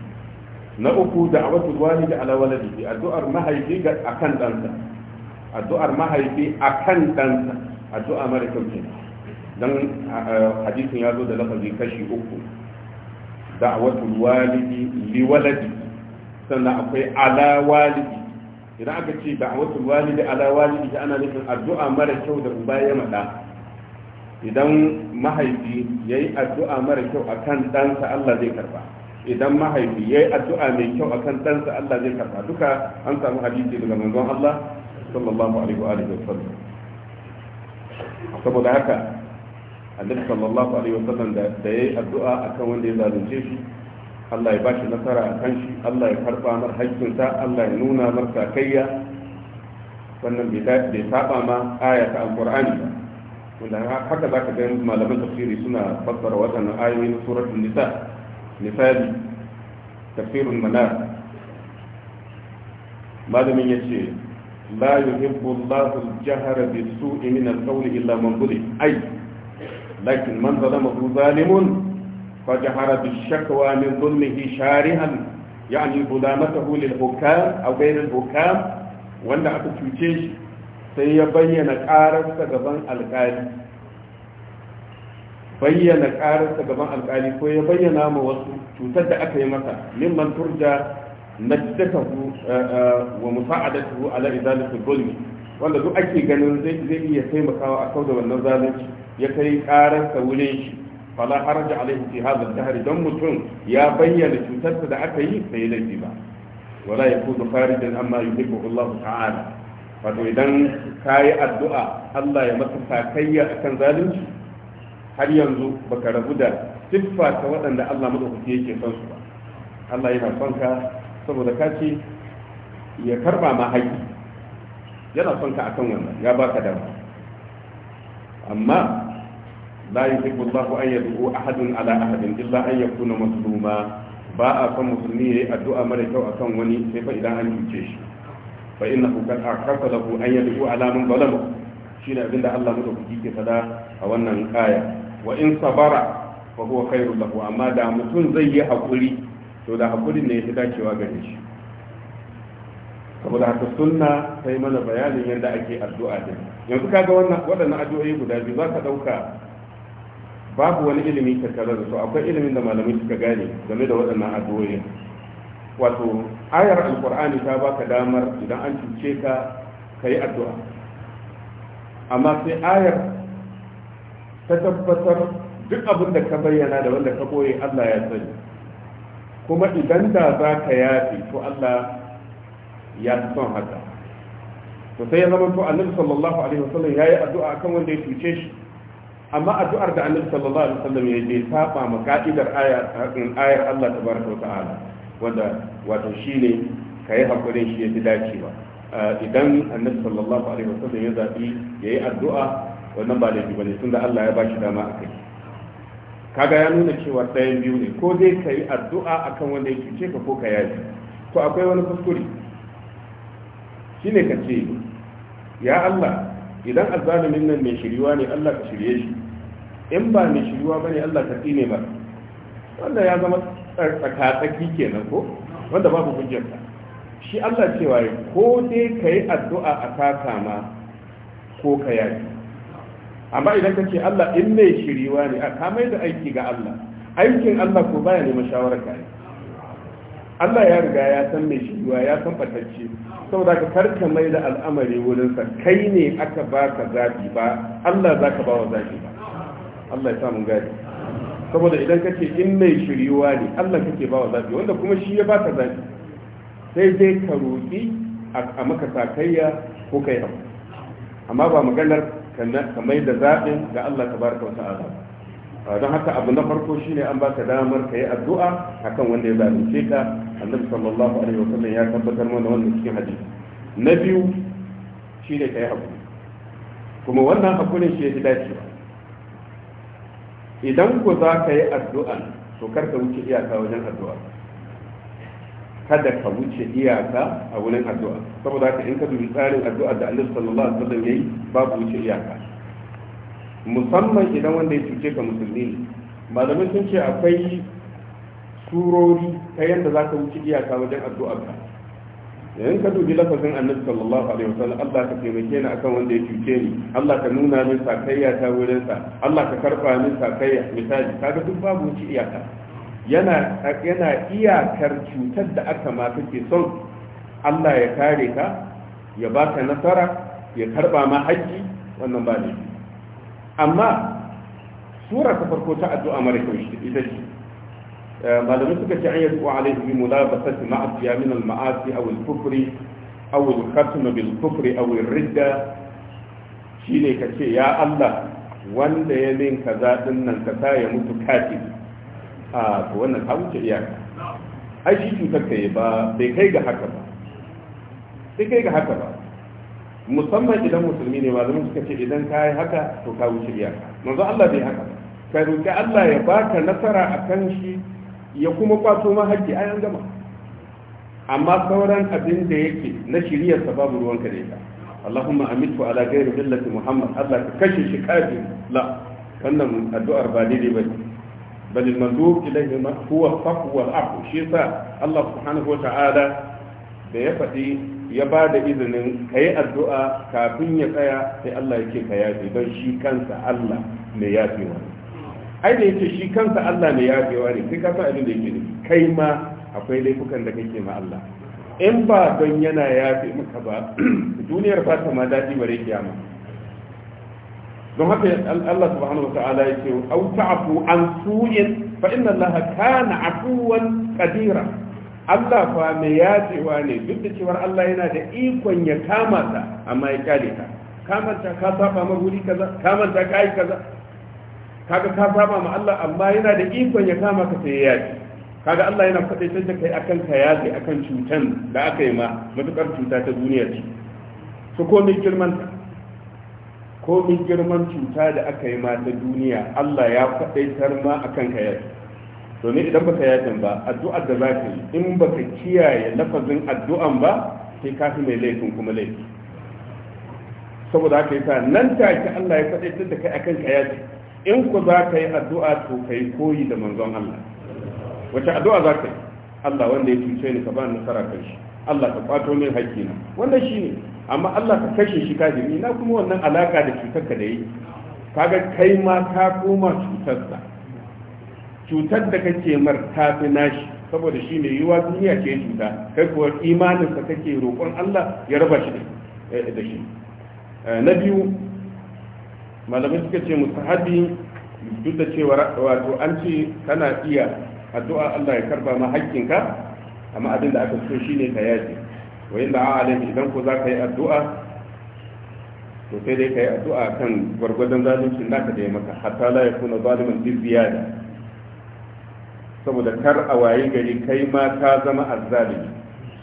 Speaker 1: na uku da'awatul walidi ala waladihi addu'ar mahaifi ga akan dansa dansa addu'a mara kyau ke dan hadisin ya zo da lafazi kashi uku da'watul walidi li waladi sannan akwai ala walidi idan aka ce da'watul walidi ala walidi ana nufin addu'a mara kyau da uba ya mada idan mahaifi yayi addu'a mara kyau akan ɗansa Allah zai karba idan mahaifi ya yi addu'a mai kyau a kan ɗansa Allah zai karba, duka an samu hadisi daga manzon Allah sallallahu alaihi wa sallam saboda haka annabi sallallahu alaihi wasallam da da yayi addu'a akan wanda ya zalunce shi Allah ya bashi nasara akan shi Allah ya karba mar haƙƙinsa Allah ya nuna mar sakayya wannan bai saba ma aya ta alqur'ani ba wanda haka zaka ga malaman tafsiri suna fassara waɗannan ayoyi na suratul nisa misali tafsirul manar malamin ce. لا يحب الله الجهر بالسوء من القول إلا من ظلم أي لكن من ظلمه ظالم فجهر بالشكوى من ظلمه شارها يعني ظلامته للحكام أو بين الحكام وأن أتوتيش سيبين كارس كبان القاضي بين كارس كبان القاضي فيبين ما وصل تتدأ كلمة ممن ترجى najdatahu eh, eh, wa musa'adatuhu ala izalati dhulmi wanda duk ake ganin zai iya taimakawa a da wannan zalunci ya kai karar sa wurin shi fala haraja alaihi fi hadha ad dan mutum ya bayyana cutarsa da aka yi sai laifi ba wala yakunu kharijan amma yuhibbu Allah ta'ala wato idan kayi addu'a Allah ya maka sakayya akan zalunci har yanzu baka rabu da siffa ta waɗanda Allah madaukaki yake son su ba Allah yana son ka saboda ka ce ya karba ma haƙi yana son ka akan wannan ya baka dama amma la yuhibbu Allahu an yad'u ahadun ala ahadin illa an yakuna musulma ba a son musulmi yayi addu'a mara kyau akan wani sai fa idan an cuce shi fa kan akaka da ku an yad'u ala man shi shine abinda Allah madaukaki ke fada a wannan aya wa in sabara fa huwa khairu lahu amma da mutum zai yi hakuri to da hakurin ne ya fi dacewa gare shi saboda haka sunna sai mana bayanin yadda ake addu'a din yanzu kaga wannan waɗannan addu'o'i guda biyu za ka ɗauka babu wani ilimi tattare da su akwai ilimin da malamai suka gane game da waɗannan addu'o'i wato ayar alkur'ani ta baka damar idan an cuce ka ka yi addu'a amma sai ayar ta tabbatar duk abin da ka bayyana da wanda ka boye allah ya sani kuma idan da za ka yafe to Allah ya fi son haka to sai ya zama to annabi sallallahu alaihi wasallam yayi addu'a kan wanda ya cuce shi amma addu'ar da annabi sallallahu alaihi wasallam ya bai saba ma ka'idar ayar ayar Allah tabaraka wa ta'ala wanda wato shine kai hakurin shi ya yafi dacewa eh, idan annabi sallallahu alaihi wasallam ya zabi yayi addu'a wannan ba laifi bane tunda Allah ya ba shi dama akai kaga ya nuna cewa ɗayan biyu ne ko dai ka yi addu'a akan wanda ya cuce ka ko ka yaji to akwai wani kuskure Shi ne ka ce ya Allah idan azzalimin nan mai shiriwa ne Allah ka shirye shi in ba mai shiriwa ba ne, Allah ka tsine ba wanda ya zama tsakatsaki kenan ko wanda babu hujjarta shi Allah cewa ko dai ka yi addu'a a kaka ma ko ka yaji amma idan ka ce Allah in mai shiriwa ne a mai da aiki ga Allah aikin Allah ko baya neman ka ne Allah ya riga ya san mai shiriwa ya san fatacce saboda ka karka mai da al'amari wurinsa kai ne aka baka zabi ba Allah za ka wa zabi ba Allah ya samu gari saboda idan ka ce in mai shiriwa ne Allah kake ba wa zabi wanda kuma shi ya baka zabi sai dai ka roƙi a maka sakayya ko kai abu amma ba maganar ka mai da zaɓin ga Allah baraka wa ta'ala ah, don haka abu na farko shine an baka damar ka yi addu'a akan wanda ya zalunce ka annabi sallallahu alaihi wa sallam ya tabbatar mana wannan cikin hadisi na biyu shine ka yi hakuri kuma wannan hakurin shi ya fi dacewa idan ku za ka yi addu'a to kar ka wuce iyaka wajen addu'a kada ka wuce iyaka a wurin addu'a saboda haka in ka dubi tsarin addu'a da annabi sallallahu alaihi wasallam yayi babu wuce iyaka musamman idan wanda ya cuce ka musulmi ne malamai sun ce akwai surori ta yadda za ka wuce iyaka wajen addu'a ka in ka dubi lafazin annabi sallallahu alaihi wasallam Allah ka taimake ni akan wanda ya cuce ni Allah ka nuna min sakayya ta wurin sa Allah ka karba min sakayya misali kaga duk babu wuce iyaka yana iyakar cutar da aka ma kake son Allah ya kare ka ya baka nasara ya karba ma haji wannan ba ne amma sura ta farko ta addu'a mara kyau ita ce eh, malamai suka ce an yi zuwa alaihi bi mulabasati ma'asiya min al-ma'asi aw al-kufri a al-khatm bil kufri aw ar-ridda shine kace ya Allah wanda ya min kaza din nan ka sa ya mutu kafin a to wannan ta wuce iyaka ai shi cutar ka ba bai kai ga haka ba sai kai ga haka ba musamman idan musulmi ne malamin suka ce idan ka yi haka to ka wuce iyaka manzo Allah bai haka ka roki Allah ya baka nasara akan shi ya kuma kwato ma haƙƙi ayan gama amma sauran abin da yake na shiriyar babu ruwanka da ita Allahumma amitu ala ghairi millati Muhammad Allah ka kashe shi kafi la Kannan addu'ar ba daidai ba bal al-mandub ilayhi huwa al-faqu wal Allah subhanahu wa da ya faɗi ya ba da izinin kai addu'a kafin ya tsaya sai Allah yake ka yafe don shi kansa Allah mai yafewa ai da yake shi kansa Allah mai yafewa ne sai ka san abin da kai ma akwai laifukan da kake ma Allah in ba don yana yafe maka ba duniyar ba ta ma daɗi bare kiyama don haka Allah subhanahu wata'ala yake au ta'fu an su'in fa inna Allah kana afuwan qadira Allah fa me wa ne duk da cewa Allah yana da ikon ya kama ta amma ya kare ta kamanta ka saba ma guri kaza kamanta ka yi kaza kaga ka saba ma Allah amma yana da ikon ya kama ka sai ya kaga Allah yana faɗaitar da kai akan ka yafi akan cutan da aka yi ma mutukar cuta ta duniya ce su ko girman ta komin girman cuta da aka yi ma ta duniya Allah ya faɗaitar ma akan ka yafi domin idan baka yafin ba addu'ar da za ka yi in baka kiyaye lafazin addu'an ba sai ka fi mai laifin kuma laifi saboda haka yasa nan take Allah ya faɗaitar da kai akan ka yafi in ku za ka yi addu'a to ka yi koyi da manzon Allah wace addu'a za ka yi Allah wanda ya cuce ni ka ba nasara kan shi Allah ka kwato min haƙƙina wannan ne, amma Allah ka kashe shi kafiri na kuma wannan alaka da cutar ka da yi kaga kai ma ka koma cutarsa cutar da kake mar ta fi nashi saboda shi ne yiwa duniya ce cuta kai kuwa imaninsa kake roƙon Allah ya raba shi da eh, shi eh, na biyu malamai suka ce musahabi duk da cewa wato an ce kana iya addu'a Allah ya karba ma haƙƙinka amma abin da aka so shine ka yaji wa da da'a alaihi idan ko za ka yi addu'a to sai dai ka yi addu'a kan gwargwadon zaluncin naka da ya maka hatta la yakuna zaliman bi ziyada saboda kar a waye gari kai ma ka zama azzalimi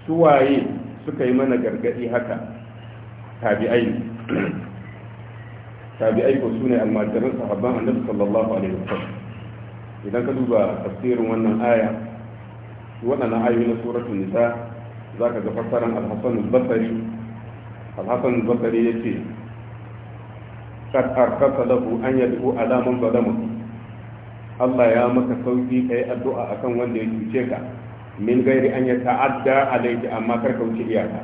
Speaker 1: su waye suka yi mana gargadi haka tabi'ai tabi'ai ko sune almajiran sahabban annabi sallallahu alaihi wasallam idan ka duba tafsirin wannan aya waɗannan ayoyi na suratul nisa za ka ga fassaran al-hasan al-basri al-hasan al-basri kad arkasa lahu an yad'u ala man zalamahu Allah ya maka sauki kai addu'a akan wanda ya cuce ka min gairi an ya ta'adda alayki amma kar ka wuce iyaka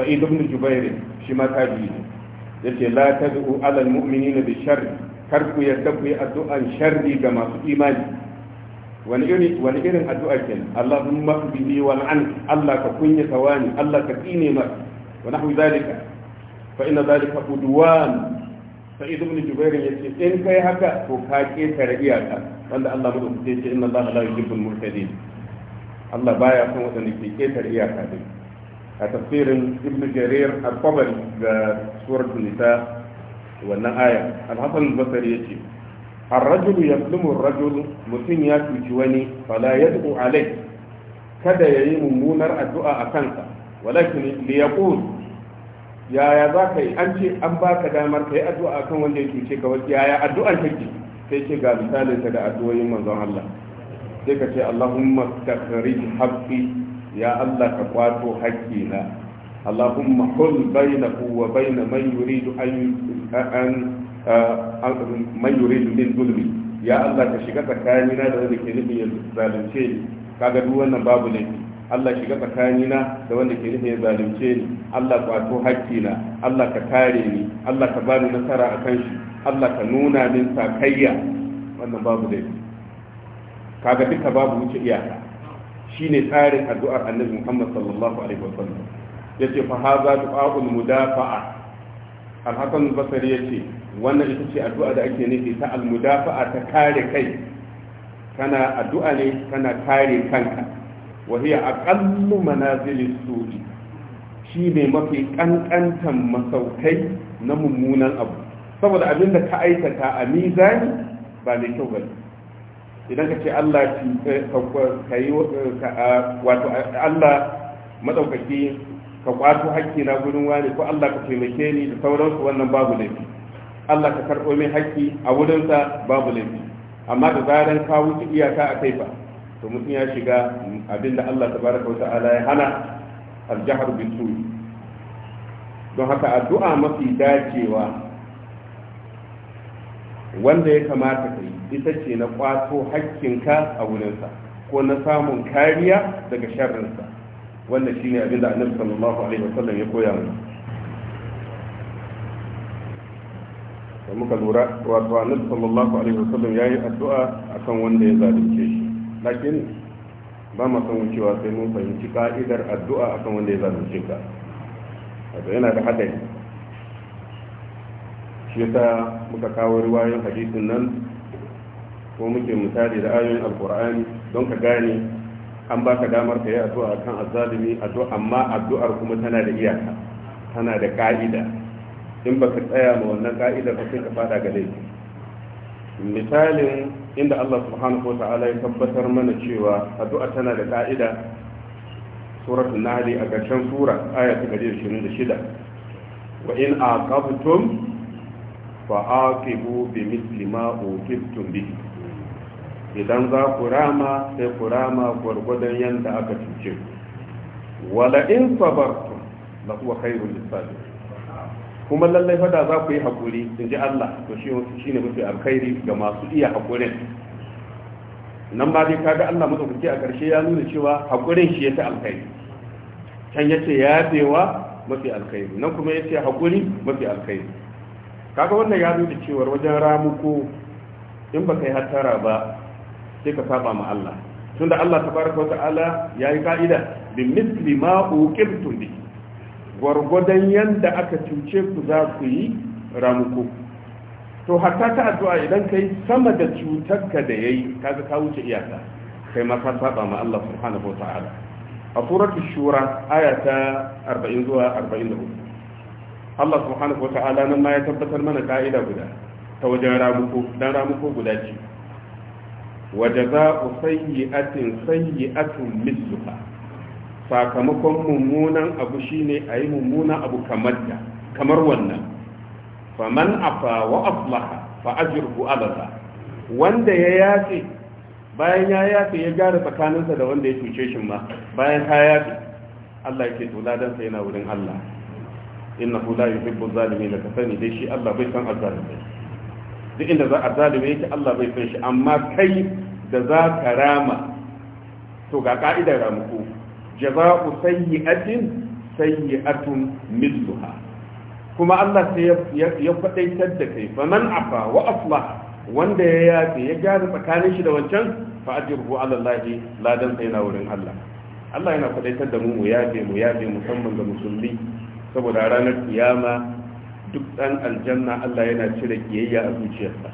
Speaker 1: sa'id ibn jubair shi ma tabi ne yace la tad'u ala al-mu'minina bi sharri kar ku yadda ku yi addu'an sharri ga masu imani wani irin wani irin addu'a ke Allahumma bihi wal an Allah ka kunya tawani Allah ka tsine ma wa nahwi zalika fa inna zalika udwan sa'id ibn jubair yace in kai haka to ka ke ketare iyaka wanda Allah mu ce inna Allah la yuhibbul murtadin Allah baya son wadanda ke ke ketare iyaka din a tafsirin ibn jarir al-qabari ga suratul nisa wannan aya al-hasan al-basri yace الرجل يظلم الرجل متين يا تشواني فلا يدعو عليه kada ya yi mummunar addu'a a kansa walakin liyaqul yaya za ka yi an ce an ba ka damar ka yi addu'a a kan wanda ya cuce ka wasu yaya addu'an take sai ce ga misalin ta da addu'o'in manzon Allah sai ka ce Allahumma takhrij haqqi ya Allah ka kwato na Allahumma hul bainahu wa bain man yuridu an man da min zulmi ya Allah ka shiga tsakanina da wanda ke nufin ya zalunce ni kaga duk wannan babu laifi Allah shiga tsakanina da wanda ke nufin ya zalunce ni Allah kwato na. Allah ka kare ni Allah ka bani nasara akan shi Allah ka nuna min sakayya wannan babu laifi kaga duka babu wuce iyaka shine tsarin addu'ar annabi Muhammad sallallahu alaihi wasallam yace fa hadha du'a'ul mudafa'a al-hasan al-basri yace wannan ita ce addu'a da ake nufi ta almudafa'a ta kare kai kana addu'a ne kana kare kanka wa hiya aqallu manazilis su'i shi ne mafi kankantan masaukai na mummunan abu saboda abin da ka aikata a mizani ba mai kyau ba. idan ka ce Allah eh, wato Allah madaukaki ka kwato hakki na gurin wani ko Allah ka taimake ni da sauransu wannan babu laifi Allah ka karɓo min haƙƙi a wurinsa babu laifi amma da zaran ka wuce iyaka a kai fa to mutum ya shiga abin da Allah tabaraka wa ta'ala ya hana aljahar bisu don haka addu'a mafi dacewa wanda ya kamata ka yi ita ce na kwato haƙƙinka a wurinsa ko na samun kariya daga sharrinsa wannan shine abin da annabi sallallahu alaihi wasallam ya koya mana da muka lura wato annabi sallallahu alaihi wasallam yayi addu'a akan wanda ya zalunce shi lakin ba ma san wucewa sai mun fahimci ka'idar addu'a akan wanda ya zalunce ka wato yana da hadari shi yasa muka kawo riwayoyin hadisin nan ko muke misali da ayoyin alqur'ani don ka gane an baka damar ka yi addu'a akan azzalimi addu'a amma addu'ar kuma tana da iyaka tana da ka'ida in baka tsaya ma wannan ka'idar ba sai ka fada ga laifi misalin inda Allah subhanahu wa ta'ala ya tabbatar mana cewa addu'a tana da ka'ida suratul nahl a ƙarshen sura aya ta 126 wa in aqabtum fa aqibu bi mithli ma uqibtum bi. idan za ku rama sai ku rama gwargwadon yanda aka cuce wala in sabartum la huwa khairul lisabirin kuma lallai fada za ku yi hakuri, in ji Allah to shi ne mafi alkhairi ga masu iya haƙurin nan ba dai kaga Allah madaukaki a ƙarshe ya nuna cewa haƙurin shi ya fi alkhairi can ya ce yafewa mafi alkhairi nan kuma ya ce haƙuri mafi alkhairi kaga wannan ya nuna cewar wajen ramuko in ba kai hattara ba sai ka saba ma Allah tunda Allah tabaraka wa ta'ala yayi ka'ida bi misli ma uqirtum bihi gwargwadon yadda aka cuce ku za ku yi ramuku to hatta ta addu'a idan kai sama da cutar ka da ya yi kaga ka wuce iyaka kai ma ka saba ma Allah subhanahu wa ta'ala a suratu shura aya ta 40 zuwa 43 Allah subhanahu wa ta'ala nan ma ya tabbatar mana ka'ida guda ta wajen ramuko dan ramuku guda ce wa jaza'u sayyi'atin sayyi'atun misluha sakamakon mummunan abu shine a yi mummunan abu kamar da kamar wannan faman afa wa aslaha fa ajruhu ala wanda ya yafe bayan ya yafe ya gara tsakaninsa da wanda ya cuce shi ma bayan ka yafe Allah yake to dan sa yana wurin Allah Inna innahu la yuhibbu zalimi ka sani dai shi Allah bai san azzalimi duk inda za zalimi yake Allah bai san shi amma kai da za ka rama to ga ka'idar ramuku jaza'u sayyi'atin sayyi'atun misluha kuma Allah sai ya faɗaitar da kai fa man afa wa aslaha wanda ya yafe ya gyara tsakanin shi da wancan fa ajruhu ala Allah ladan sai na wurin Allah Allah yana faɗaitar da mu mu yafe mu yafe musamman ga musulmi saboda ranar kiyama duk ɗan aljanna Allah yana cire kiyayya a zuciyarsa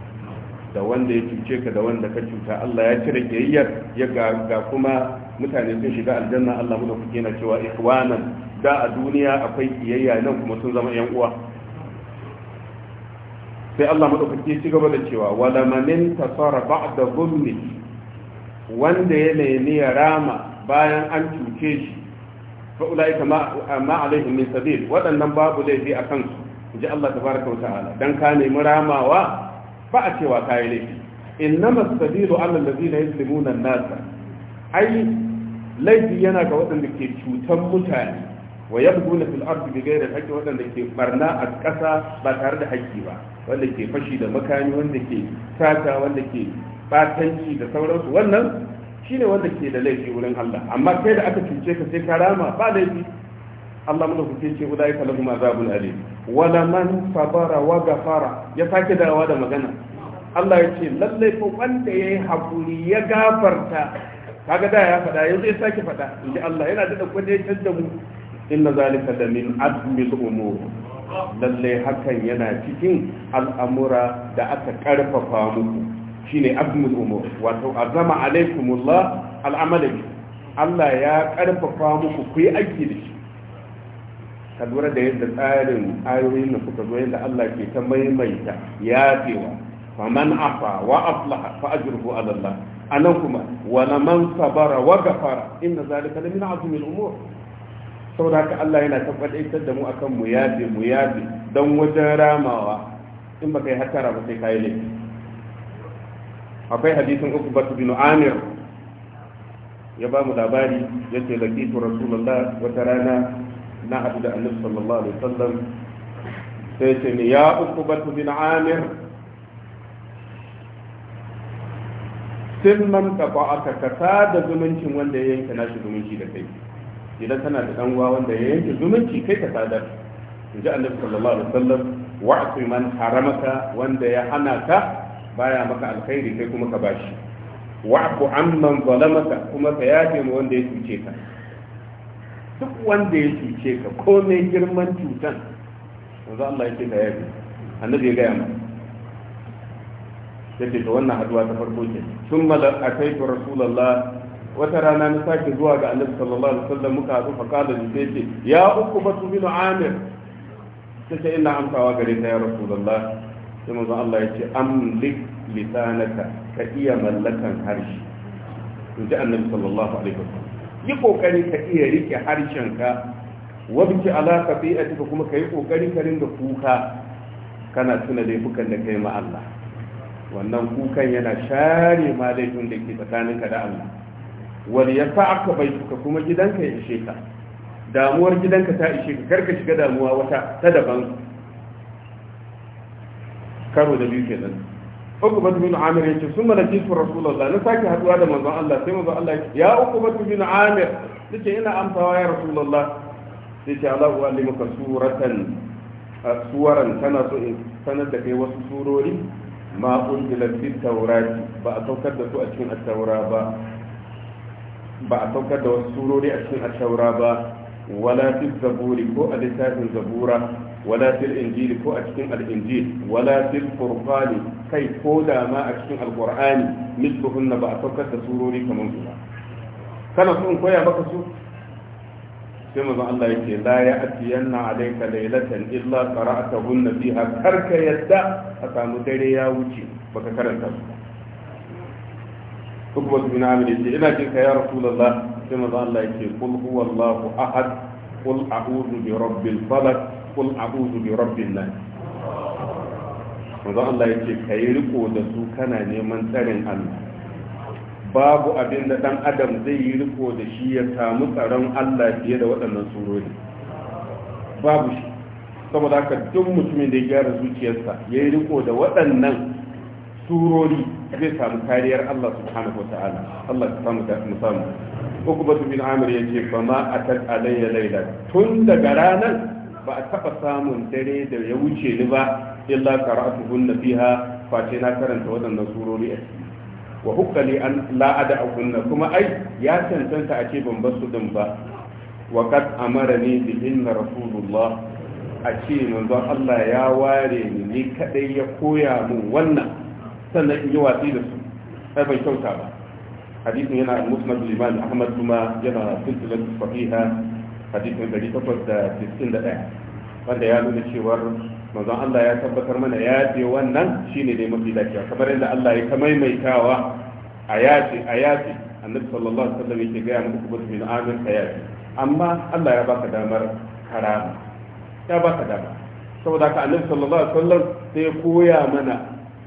Speaker 1: da wanda ya cuce ka da wanda ka cuta Allah ya cire kiyayyar ya ga kuma mutane sun shiga aljanna Allah mu kuke na cewa ikhwanan da a duniya akwai kiyayya nan kuma sun zama yan uwa sai Allah madaukaki ci gaba da cewa wala manin tasara ba'da zulmi wanda ya nemi ya rama bayan an cuce shi fa ulaika ma ma alaihim min sabil wadannan babu laifi a kansu inji Allah tabaraka wa ta'ala dan ka nemi ramawa ba a cewa kai laifi innama sabilu ala alladhina yuzlimuna an-nasa ai laifi yana ga waɗanda ke cutan mutane wa ya bugu na fil'ardu da haƙƙi waɗanda ke barna a ƙasa ba tare da haƙƙi ba wanda ke fashi da makami wanda ke sata wanda ke batanci da sauransu wannan shine wanda ke da laifi wurin Allah amma kai da aka cuce ka sai ka rama ba laifi Allah mun kuce ce udai ka lahum azabul alim wala man sabara wa ghafara ya sake dawa da magana Allah ya ce lallai ko wanda yayi haƙuri ya gafarta kaga da ya faɗa yanzu ya sake faɗa in ji Allah yana daɗa kwadaitar da mu inna zalika da min azmil umur lallai hakan yana cikin al'amura da aka karfafa muku shine azmil umur wato azama alaikumullah al'amali Allah ya karfafa muku ku yi aiki da shi ka lura da yadda tsarin ayoyin da suka zo yadda Allah ke ta maimaita yafewa faman afa wa aflaha fa ajruhu ala Allah anan kuma wala man sabara wa gafara inna zalika min azmil umur saboda haka Allah yana tabbatar da mu akan mu yabe mu yabe dan wajen ramawa in baka yi hatara ba sai kai ne akwai hadisin Uqbah bin Amir ya ba mu labari yace laqitu rasulullah wata rana na hadu da annabi sallallahu alaihi wasallam sai ce ya uku Uqbah bin Amir sun man tafa aka kasa da zumuncin wanda ya yanke nashi zumunci da kai idan kana da dan wanda ya yanke zumunci kai ka sadar in ji annabi sallallahu alaihi wasallam wa'tu man haramaka wanda ya hana ka baya maka alkhairi kai kuma ka bashi wa'fu amman zalamaka kuma ka yafe ma wanda ya cuce ka duk wanda ya cuce ka komai girman cutan wanda Allah ya ce ka yafe annabi ya gaya maka yace ta wannan haduwa ta farko ce sun mala ataitu rasulallah wata rana na sake zuwa ga annabi sallallahu alaihi wasallam muka haɗu fa kala ni sai ce ya uku ba bin amir sai ina amsawa gare ta ya rasulullah sai manzo Allah ya yace amlik lisanaka ka iya mallakan harshe in ji annabi sallallahu alaihi wasallam yi kokari ka iya rike harshenka wabki ala ka kuma ka yi kokari ka ringa kuka kana tuna laifukan da kai ma Allah wannan kukan yana share ma laifin da ke tsakaninka da Allah wani ya sa aka bai suka kuma gidanka ya ishe ka damuwar gidanka ta ishe ka karka shiga damuwa wata ta daban karo da biyu kenan uku batu bin amir ya ce sun mana su rasulallah na sake haduwa da manzon Allah sai manzon Allah ya uku batu bin amir nake ina amsawa ya rasulallah sai ce Allah wa alimaka suratan suwaran tana so in sanar da kai wasu surori ma unzila fi ba a saukar da su surori a cikin attaura ba wala zaburi ko a littafin zabura walafin fil injili ko a cikin al walafin wala kai ko da ma a cikin al-qur'ani misluhunna ba a saukar da surori kamar su ba kana so in koya maka su sai mazan Allah yake la ya atiyanna alayka laylatan illa qara'tahun fiha karka yadda a samu dare ya wuce baka karanta su hukuma bin amir yace ina jin ka ya rasulullah sai mazan Allah yake qul huwallahu ahad qul a'udhu bi rabbil falaq qul a'udhu bi rabbin nas mazan Allah yake kai riko da su kana neman tsarin Allah babu abin da dan adam zai yi riko da shi ya samu tsaron Allah fiye da waɗannan surori babu shi saboda haka duk mutumin da ya gyara zuciyarsa ya yi riko da waɗannan surori zai samu kariyar Allah subhanahu wata'ala Allah ta samu mu samu Su bin amir ya ce ba ma a alayya laila tun daga ranar ba a taɓa samun dare da ya wuce ni ba illa hunna fiha face na karanta waɗannan surori a wa hukali an la'ada a kunna kuma ai ya cancanta a ce ban basu din ba wa kad amarani bi inna rasulullah a ce manzon Allah ya ware ni ni kadai ya koya mun wannan sannan in yi watsi da su sai ban kyauta ba hadisin yana musnad liman ahmad kuma yana silsilar sahiha hadisin 891 wanda ya nuna cewar manzon Allah ya tabbatar mana ya ce wannan shine dai mafi dacewa kamar yadda Allah ya ta maimaitawa a yace a yace annabi sallallahu alaihi wasallam yake ga mu kubut min amir ka yace amma Allah ya baka damar karama ya baka damar. saboda ka annabi sallallahu alaihi wasallam sai ya koya mana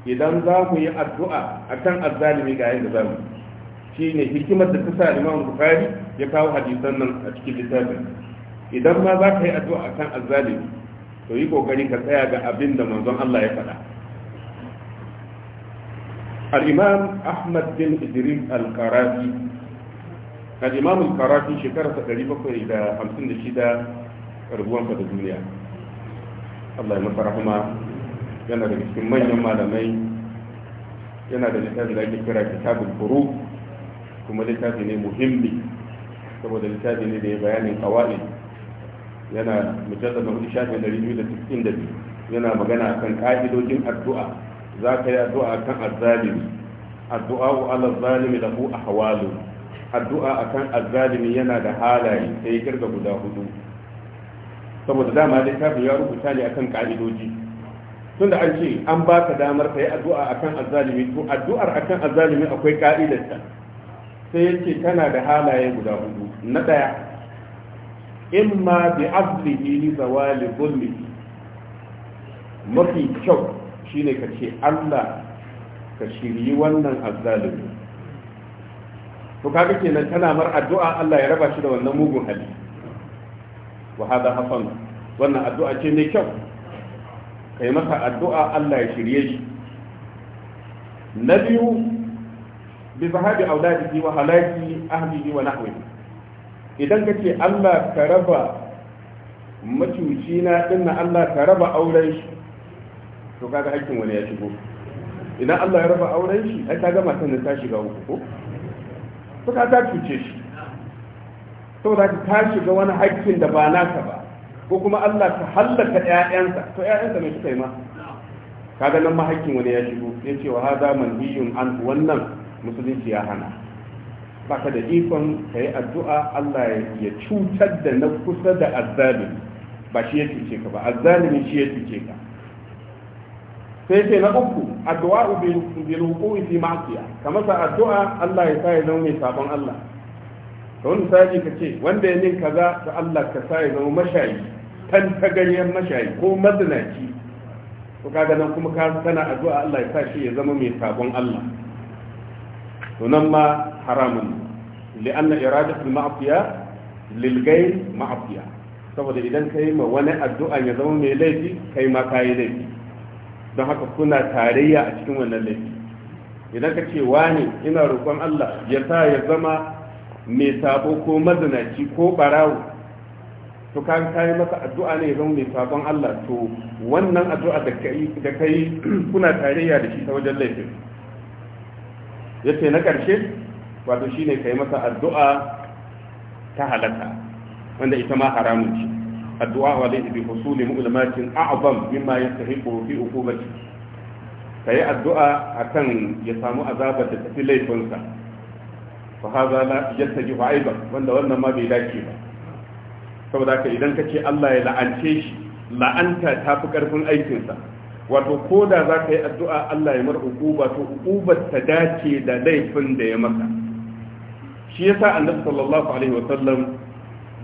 Speaker 1: idan za ku yi addu'a akan azzalimi ga yanda zamu shine hikimar da ta sa Imam Bukhari ya kawo hadisan nan a cikin littafin idan ma za ka yi addu'a akan azzalimi to yi kokari ka tsaya ga abin da manzon Allah ya faɗa al-imam Ahmad bin Idris al-Qarafi al-imam al-Qarafi shekarar 756 rubuwan fa da duniya Allah ya mafara kuma yana da cikin manyan malamai yana da littafi da ake kira kitabul furu kuma littafi ne muhimmi saboda littafi ne da ya bayanin kawalin yana mujallar da shafi ɗari biyu da tisin da biyu yana magana kan ka'idojin addu'a za ka yi addu'a kan azzalimi addu'a wa ala zalimi da ku a hawalu addu'a akan azzalimi yana da halaye sai kirga guda hudu saboda dama littafin ya rubuta ne akan ka'idoji da an ce an ba baka damar ka yi addu'a akan azzalimi to addu'ar akan azzalimi akwai ka'idarta sai tana da halaye guda hudu na ɗaya. imma bi azlihi li zawali zulmi mafi kyau shine ka ce Allah ka shiryi wannan azzalimi to kaga kenan tana mar addu'a Allah ya raba shi da wannan mugun hali wa hada hasan wannan addu'a ce mai kyau kai masa addu'a Allah ya shirye shi na biyu bi zahabi auladihi wa halaki ahlihi wa nahwihi idan ka ce allah ka raba macuci na din allah ka raba auren shi to kaga hakkin wani ya shigo idan allah ya raba auren shi ai kaga matan nan ta shiga uku ko to ka ta cuce shi saboda ta shiga wani hakkin da ba naka ba ko kuma allah ka hallaka ƴaƴansa to ƴaƴansa ne suka yi ma kaga nan ma hakkin wani ya shigo ya ce wa haza manhiyun an wannan musulunci ya hana baka da ikon ka yi addu'a Allah ya cutar da na kusa da azzalimi ba shi ya cuce ka ba azzalimi shi ya cuce ka sai ce na uku addu'a bil wuqu'i fi ma'siya kamar sa addu'a Allah ya sa ya zama mai sabon Allah to wani misali ka ce wanda ya nin kaza ta Allah ka sa ya zama mashayi tan ta ganyen mashayi ko mazinaci to kaga nan kuma ka tana addu'a Allah ya sa shi ya zama mai sabon Allah to nan ma haramun li'anna iradatul ma'afiya lil ma'afiya saboda idan kai ma wani addu'a ya zama mai laifi kai ma kai laifi don haka kuna tarayya a cikin wannan laifi idan ka ce wani ina roƙon Allah ya sa ya zama mai sabo ko mazinaci ko barawo to kan kayi masa addu'a ne zama mai sabon Allah to wannan addu'a da kai da kuna tarayya da shi ta wajen laifin ya ce na ƙarshe wato shi ne ka yi masa addu'a ta halatta wanda ita ma haramun ce addu'a wa zai ibi husuli mu'ulmacin a'abam mimma ya sahi fi hukumaci ka yi addu'a a kan ya samu azabar da tafi laifinsa fa haza na yadda ji fa'aibar wanda wannan ma bai dace ba saboda ka idan ka ce allah ya la'ance shi la'anta ta fi ƙarfin aikinsa wato ko da za ka yi addu'a Allah ya mar uquba to uqubar ta dace da laifin da ya maka shi yasa annabi sallallahu alaihi wasallam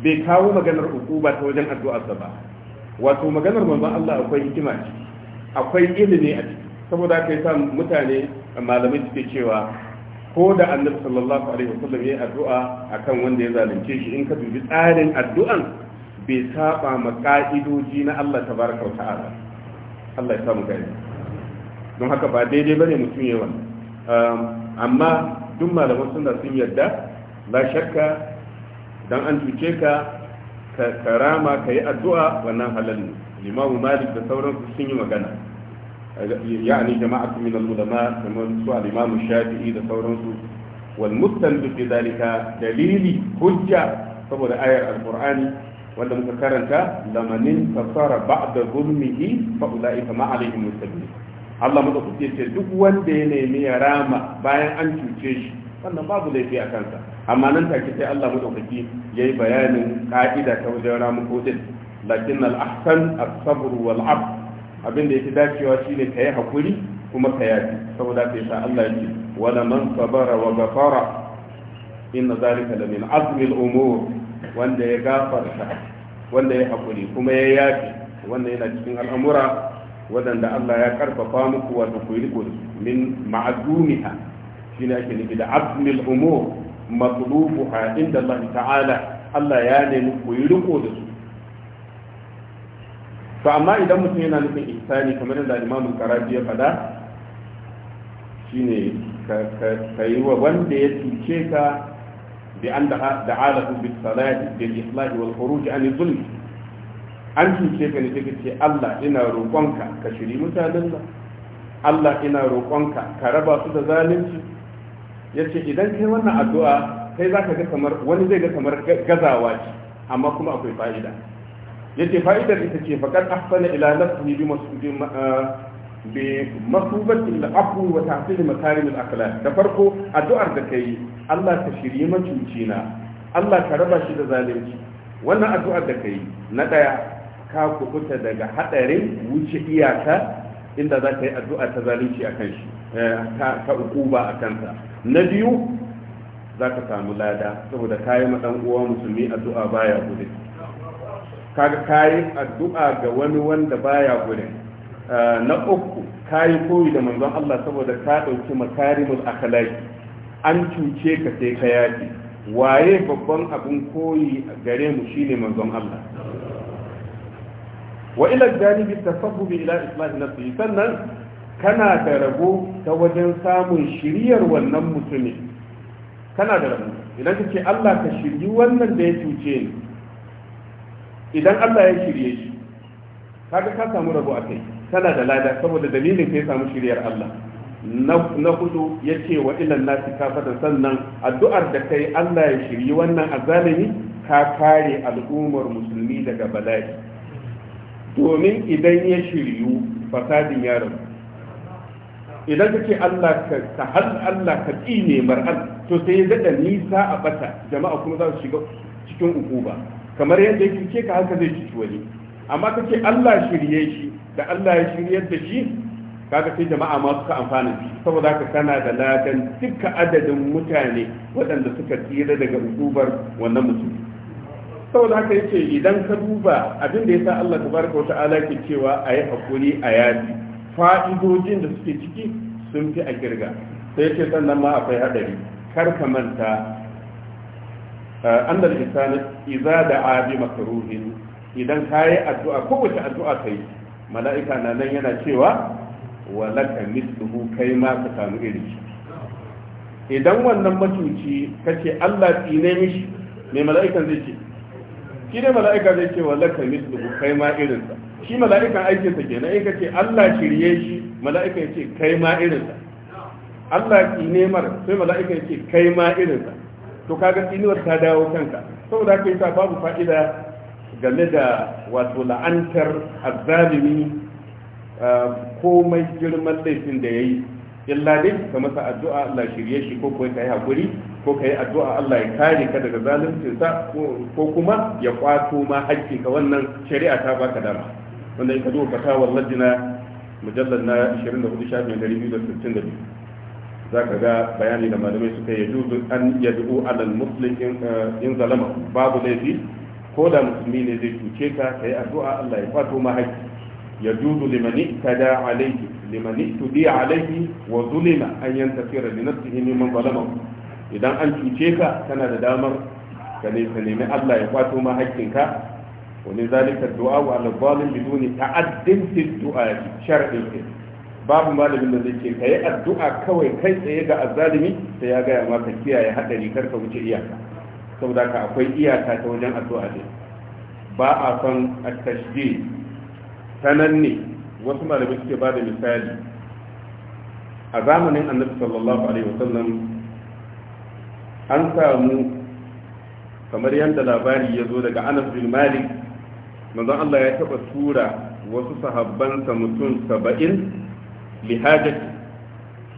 Speaker 1: bai kawo maganar uquba ta wajen addu'arsa ba wato maganar manzon Allah akwai hikima ce akwai ilimi a ciki saboda ka yi sa mutane malamai suke cewa ko da annabi sallallahu alaihi wasallam yi addu'a akan wanda ya zalunce shi in ka dubi tsarin addu'an bai saba ma ka'idoji na Allah tabaraka wa ta'ala Allah ya samu gani don haka ba daidai bane mutum yawa amma duk malaman suna sun yarda la shakka dan an cuce ka ka rama ka yi addu'a wannan halal ne limamu malik da sauransu sun yi magana yani jama'a min al-ulama kamar su al-imamu shafi'i da sauransu wal mustanbit dalika dalili hujja saboda ayar al-qur'ani wanda muka karanta lamanin fasara ba'da zulmihi fa ulaika ma alaihim mustabil Allah madaukaki ce duk wanda ya nemi ya rama bayan an cuce shi wannan babu laifi a kansa amma nan take sai Allah ya yayi bayanin ka'ida ta wajen ko din lakin al-ahsan as-sabr wal abin da yake dacewa shine ka yi hakuri kuma ka yafi saboda ka sa Allah ya ce wala man sabara wa ghafara inna zalika la min umur wanda ya gafarta wanda ya haƙuri kuma ya yafi wanda yana cikin al'amura waɗanda Allah ya karfafa muku wato ku riko min ma'adumiha shine ake nufi da azmil umur matlubuha inda Allah ta'ala Allah ya nemi ku riko da su to amma idan mutum yana nufin ihsani kamar da Imam Qarabi ya faɗa shine ka yi wa wanda ya cuce ka بأنها دعاله بالصلاة بالإصلاح والخروج عن الظلم an cuce ka ne take ce Allah ina roƙonka ka shiri mutanen nan Allah ina roƙonka ka raba su da zalunci yace idan kai wannan addu'a kai zaka ga wani zai ga kamar gazawa ce amma kuma akwai fa'ida yace fa'idar ita ce faqad ahsana masu nafsihi bi masubatin al'afu wa tahsil makarim al da farko addu'ar da kai Allah ka shirye macuci na Allah ka raba shi da zalunci wannan addu'ar da kai na ɗaya. ka kubuta daga haɗarin wuce iyaka inda za ka yi addu'a ta zalunci a kan shi Ka eh, ukuba a ta. na biyu za ka samu lada saboda ma maɗan uwa musulmi addu'a baya gudun ka kayi addu'a ga wani wanda baya gudun na uku kayi koyi da manzon Allah saboda ka dauki makarimul akhlaqi an cuce ka sai ka yaki waye babban abin koyi gare mu shine manzon Allah wa ila janibi tasabbu ila islah nafsi sannan kana da rabo ta wajen samun shiriyar wannan mutumin kana da rabo idan ka ce Allah ka shiryi wannan da ya cuce ni idan Allah ya shirye shi kaga ka samu rabo a kai kana da lada saboda dalilin ka ya samu shiriyar Allah na hudu ya ce wa ilan nasi kafatan sannan addu'ar da kai Allah ya shiryi wannan azalimi ka kare al'ummar musulmi daga bala'i domin idan ya shiryu fasadin yaron idan ka ce Allah ka hal Allah ka tsine mar'al to sai ya daɗa nisa a bata jama'a kuma za su shiga cikin ukuba kamar yadda ya ce ka haka zai ci wani amma ka ce Allah shirye shi da Allah ya shirya da shi kaga sai jama'a ma suka amfana shi saboda haka kana da ladan duka adadin mutane waɗanda suka tsira daga hukubar wannan mutum saboda haka yace idan ka duba abin da yasa Allah tabaraka wata'ala ke cewa ayi hakuri a yadi fa'idojin da suke ciki sun fi a girga. sai yace sannan ma akwai hadari kar ka manta eh, an da insani Idan da abi makruhin idan kayi addu'a kowace addu'a kai mala'ika na nan yana cewa walaka misluhu kai ma ka samu irin shi idan wannan matuci kace Allah tsine mishi mai mala'ikan zai ce shi ne mala'ika zai ce walaka misluhu kai ma irinsa shi mala'ikan aikinsa kenan in kace Allah shirye shi mala'ika ya ce kai ma irinsa Allah tsine mar sai mala'ika ya ce kai ma irinsa to kaga tsiniwar ta dawo kanka saboda kai sa babu fa'ida game da wato la'antar azzalimi eh, komai girman laifin da ya yi illa dai ka masa addu'a Allah shirye shi ko kai yi hakuri ko kai addu'a Allah ya kare ka daga zaluncin sa ko kuma ya kwato ma hakki ka wannan shari'a ta baka dama wanda in ka duba fata wallajina mujallal na 24 shafin 262 zaka ga bayani da malamai suka yi juzu an yad'u alal muslim in eh, zalama babu laifi ko da musulmi ne zai cuce ka ka yi addu'a Allah ya fato ma ya dudu limani da alaihi limani tu tudi alaihi wa zulima an yantafira li nafsihi mimman zalama idan an cuce ka kana da damar ka ne ka nemi Allah ya fato ma haƙƙinka wa min zalika du'a wa al-zalim biduni ta'addin fi du'a shar'in babu malamin da zai ce ka yi addu'a kawai kai tsaye ga azzalimi sai ya gaya maka kiyaye hadari karka wuce iyaka saboda ka akwai iyaka ta wajen addu'a ne ba a son a tashbi sanan ne wasu malamai suke ba da misali a zamanin annabi sallallahu alaihi wasallam an samu kamar yadda labari ya zo daga anas bin malik manzon Allah ya taba tura wasu sahabbansa mutum saba'in li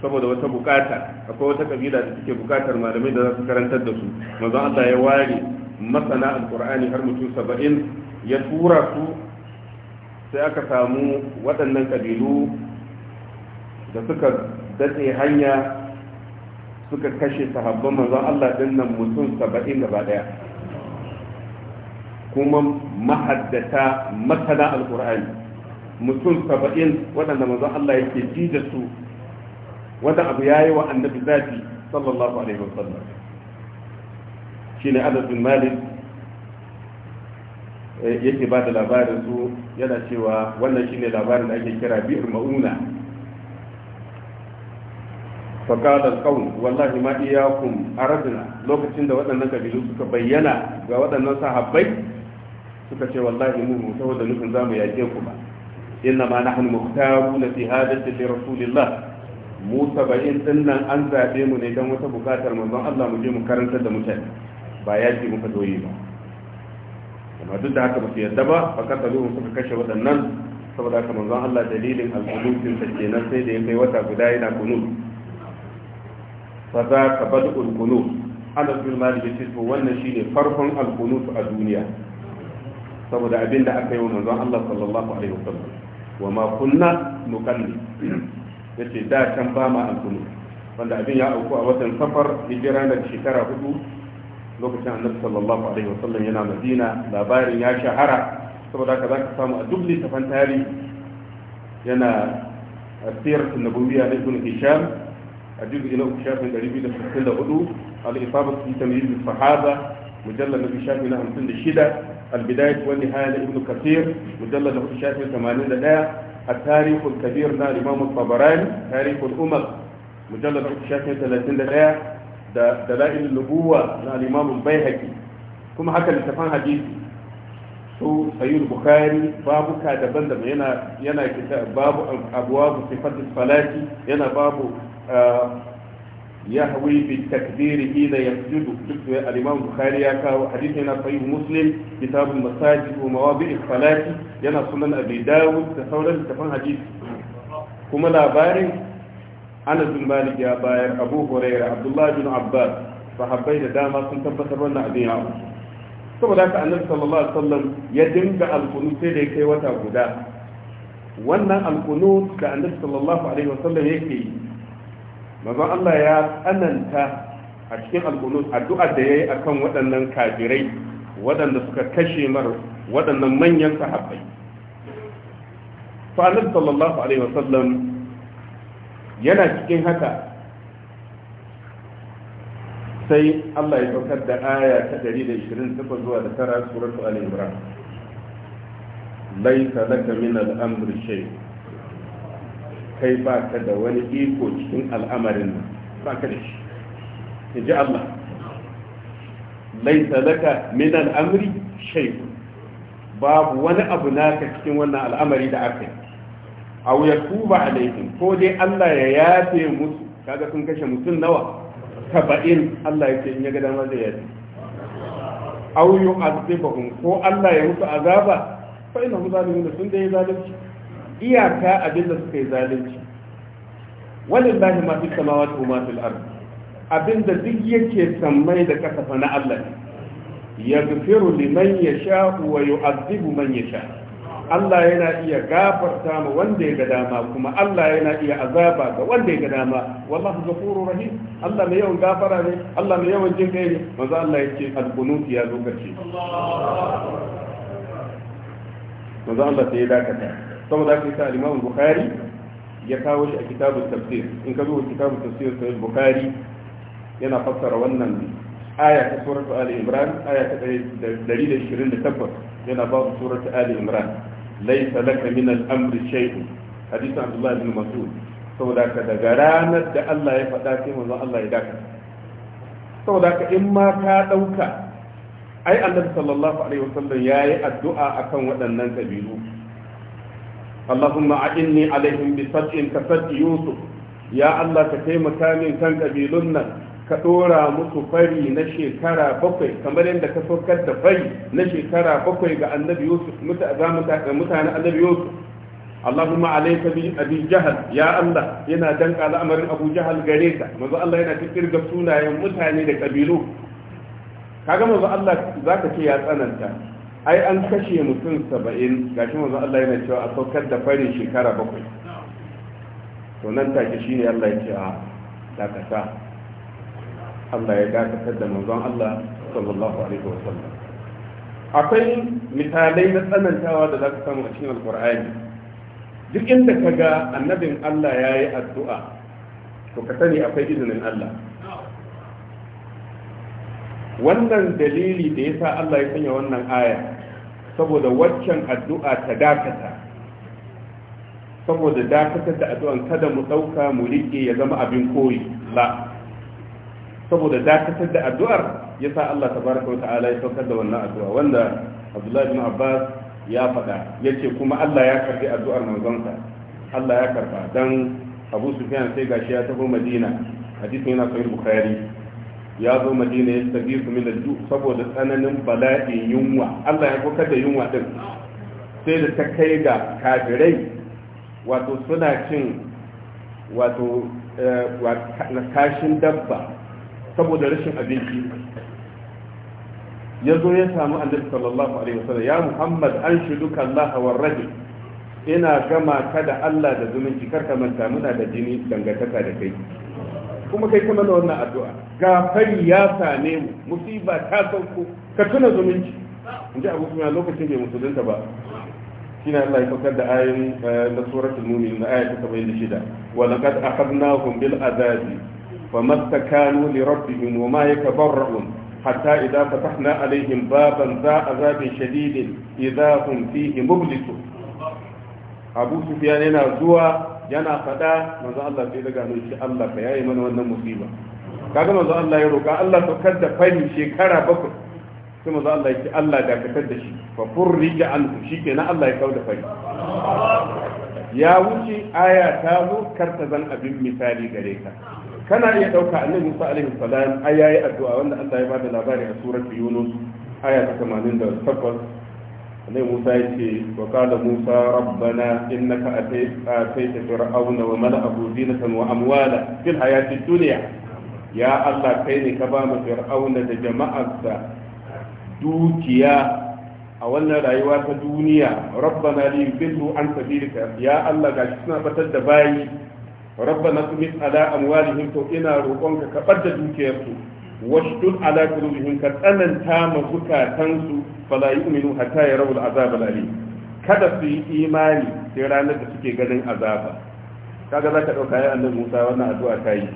Speaker 1: saboda wata bukata akwai wata kabila da suke bukatar malamai da za su karantar da su manzon Allah ya ware masana alqur'ani har mutum saba'in ya tura su sai aka samu waɗannan kabilu da suka dace hanya suka kashe sahabban manzon Allah din nan mutum saba'in gaba daya kuma mahaddata masana alqur'ani mutum saba'in waɗanda manzon Allah yake ji da su wanda abu ya yi wa annabi zafi sallallahu alaihi wasallam shine Anas bin Malik eh, yake ba da labarin su yana cewa wannan shine labarin da ake kira biyar mauna فقال القوم ma iya kun أردنا lokacin da waɗannan kabilu suka bayyana ga waɗannan sahabbai suka ce wallahi mu saboda nufin zamu yake ku ba inna ma nahnu muhtaruna fi hadati li rasulillah mu saba'in din nan an zaɓe mu ne don wata buƙatar manzon Allah mu je mu karanta da mutane ba ya ce muka doye ba amma duk da haka ba su yarda ba a kasa zuwa suka kashe waɗannan saboda haka manzon Allah dalilin alƙulufin ta kenan sai da ya kai wata guda yana kunut fa za ka bad'ul kunut ana bin malik ya ce to wannan shine farkon alkunut a duniya saboda abinda aka yi wa manzon Allah sallallahu alaihi wasallam wa ma kunna nukalli ya ce da can ba ma alkunu wanda abin ya auku a watan safar hijira da shekara hudu lokacin annabi sallallahu alaihi wasallam yana madina labarin ya shahara saboda haka za samu a duk littafan tarihi yana asiyar sunnaburiya na ibn hisham a jirgin na uku shafin 264 al-isabatu fi tamyiz sahaba مجلد في شافي نعم سند الشدة البداية والنهاية لابن كثير مجلد na شافي ثمانين لا التاريخ الكبير نا الإمام الطبراني تاريخ الأمم مجلد شاكين 31 دلائل النبوة نا الإمام البيهقي كما حكى لتفان حديثي su sayul bukhari babuka daban-daban yana yana babu abwabu sifatul salati yana babu يهوي بالتكبير حين يسجد شفت الإمام البخاري حديث هنا صحيح مسلم كتاب المساجد ومواضع الصلاة ينا سنن أبي داود تصورا لتفهم حديث كما لابارن أنا بن مالك يا باير أبو هريرة عبد الله بن عباس صحابي دا داما سن تبتر وانا أبي عمر saboda haka annabi sallallahu alaihi wasallam ya dinga alkunut sai da kai wata guda wannan alkunut da annabi sallallahu alaihi wasallam yake yi Mazan Allah ya tsananta a cikin alƙunut addu'ar da ya yi a kan waɗannan kafirai waɗanda suka kashe mar waɗannan manyan sahabbai fa annabi sallallahu alaihi wasallam yana cikin haka sai Allah ya saukar da aya ta 128 zuwa da tara suratu al-imran laysa laka min al-amri kai ba ka da wani iko cikin al'amarin nan ba ka da shi in ji Allah laisa laka min al'amri shay babu wani abu naka cikin wannan al'amari da aka yi aw yakuba alaikum ko dai Allah ya yafe musu kaga sun kashe mutum nawa saba'in Allah ya ce in ya ga dama zai yafe aw yu'adhibuhum ko Allah ya musu azaba fa innahu zalimun sun dai zalunci iyaka abin da suka yi zalunci wani ma fi samawati wa ma fil ard Abinda duk yake sammai da fa na Allah ya yaghfiru liman yasha wa yu'adhibu man yasha Allah yana iya gafarta ma wanda ya ga dama kuma Allah yana iya azaba ga wanda ya ga dama wallahu ghafurur rahim Allah mai yawan gafara ne Allah mai yawan jin kai ne manzo Allah yake al-qunut ya zo kace manzo Allah sai ya dakata saboda haka yasa al-Imam Bukhari ya kawo shi a kitabun tafsir in ka zo kitabun tafsir sai Bukhari yana fassara wannan aya ta suratu Ali Imran aya ta 128 yana ba su suratu Ali Imran laysa laka min al-amri shay'un hadisi Abdullah ibn Mas'ud saboda ka daga ranar da Allah ya faɗa sai manzon Allah ya daka saboda ka in ma ka dauka ai annabi sallallahu alaihi wasallam yayi addu'a akan waɗannan kabilu اللهم أعني عليهم بصدق كصدق يوسف يا الله كتيم كامل كان قبيلنا كدورا متفري نشي كرا بقي كما لين دا كسوكر دفري نشي كرا بقي غا النبي يوسف متى أزامتا متانا النبي يوسف اللهم عليك بأبي جهل يا الله ينا دنك على أمر أبو جهل غريكا ماذا الله ينا تكير قبسونا يا متاني دا قبيلو كاغا ماذا الله ذاك يا تsanنتا ai an kashe mutum saba'in ga shi manzo Allah yana cewa a saukar da farin shekara bakwai to nan take ne Allah ya ce a dakata Allah ya dakatar da manzon Allah sallallahu alaihi wa sallam akwai misalai na tsanantawa da za ka samu a cikin alkur'ani duk inda ka ga annabin Allah ya yi addu'a to ka sani akwai izinin Allah wannan dalili da yasa Allah ya sanya wannan aya saboda waccan addu'a ta dakata saboda dakatar da addu'an kada mu dauka mu rike ya zama abin koyi la saboda dakatar da addu'ar yasa Allah tabaraka wata'ala ya saukar da wannan addu'a wanda Abdullahi bin Abbas ya faɗa yace kuma Allah ya karbi addu'ar manzonsa Allah ya karba dan Abu Sufyan sai gashi ya tafi Madina hadisin yana sahih Bukhari ya zo madina ya tabi su min alju saboda tsananin bala'in yunwa Allah ya kuka da yunwa din sai da ta kai ga kafirai wato suna cin wato eh, kashin dabba saboda rashin abinci ya zo ya samu annabi sallallahu alaihi wasallam ya muhammad an shuduka Allah wa rajul ina gama ka da Allah da zumunci karka manta muna da jini dangantaka da kai kuma kai kuma na wannan addu'a gafari ya same mu musiba ta sauko ka tuna zumunci in ji abu kuma lokacin bai musulunta ba shine Allah ya da ayin eh, na suratul mu'min na ayat 76 wa laqad akhadnahum bil azabi famastakanu li rabbihim wa ma yatabarra'un hatta idza fatahna alaihim baban za azabin shadidin idza hum fihi mublisun Abu Sufyan yana zuwa yana faɗa manzo Allah sai daga gano shi Allah ka yayi mana wannan musiba kaga manzo Allah ya roƙa Allah to da fari shekara baku sai manzo Allah ya ce Allah da ka kadda shi fa furrija an shikenan Allah ya kauda fari. ya wuce aya ta zo karta zan abin misali gare ka kana iya ɗauka annabi Musa alaihi salam ai yayi addu'a wanda Allah ya bada labari a suratul Yunus aya ta 88 ne musa ya ce wa kala musa rabbana innaka ataita fir'auna wa mala'ahu zinatan wa amwala fil hayati dunya ya allah kai ne ka ba mu fir'auna da jama'arsa dukiya a wannan rayuwa ta duniya rabbana li yudillu an sabilika ya Allah gashi suna batar da bayi rabbana tumis ala amwalihim to ina roƙonka ka bar da dukiyarsu washdud على قلوبهم ka تام ma zukatansu فلا يؤمنوا حتى يروا العذاب al-alim kada su yi imani sai ranar da suke ganin azaba kaga zaka dauka ya annabi Musa wannan addu'a kai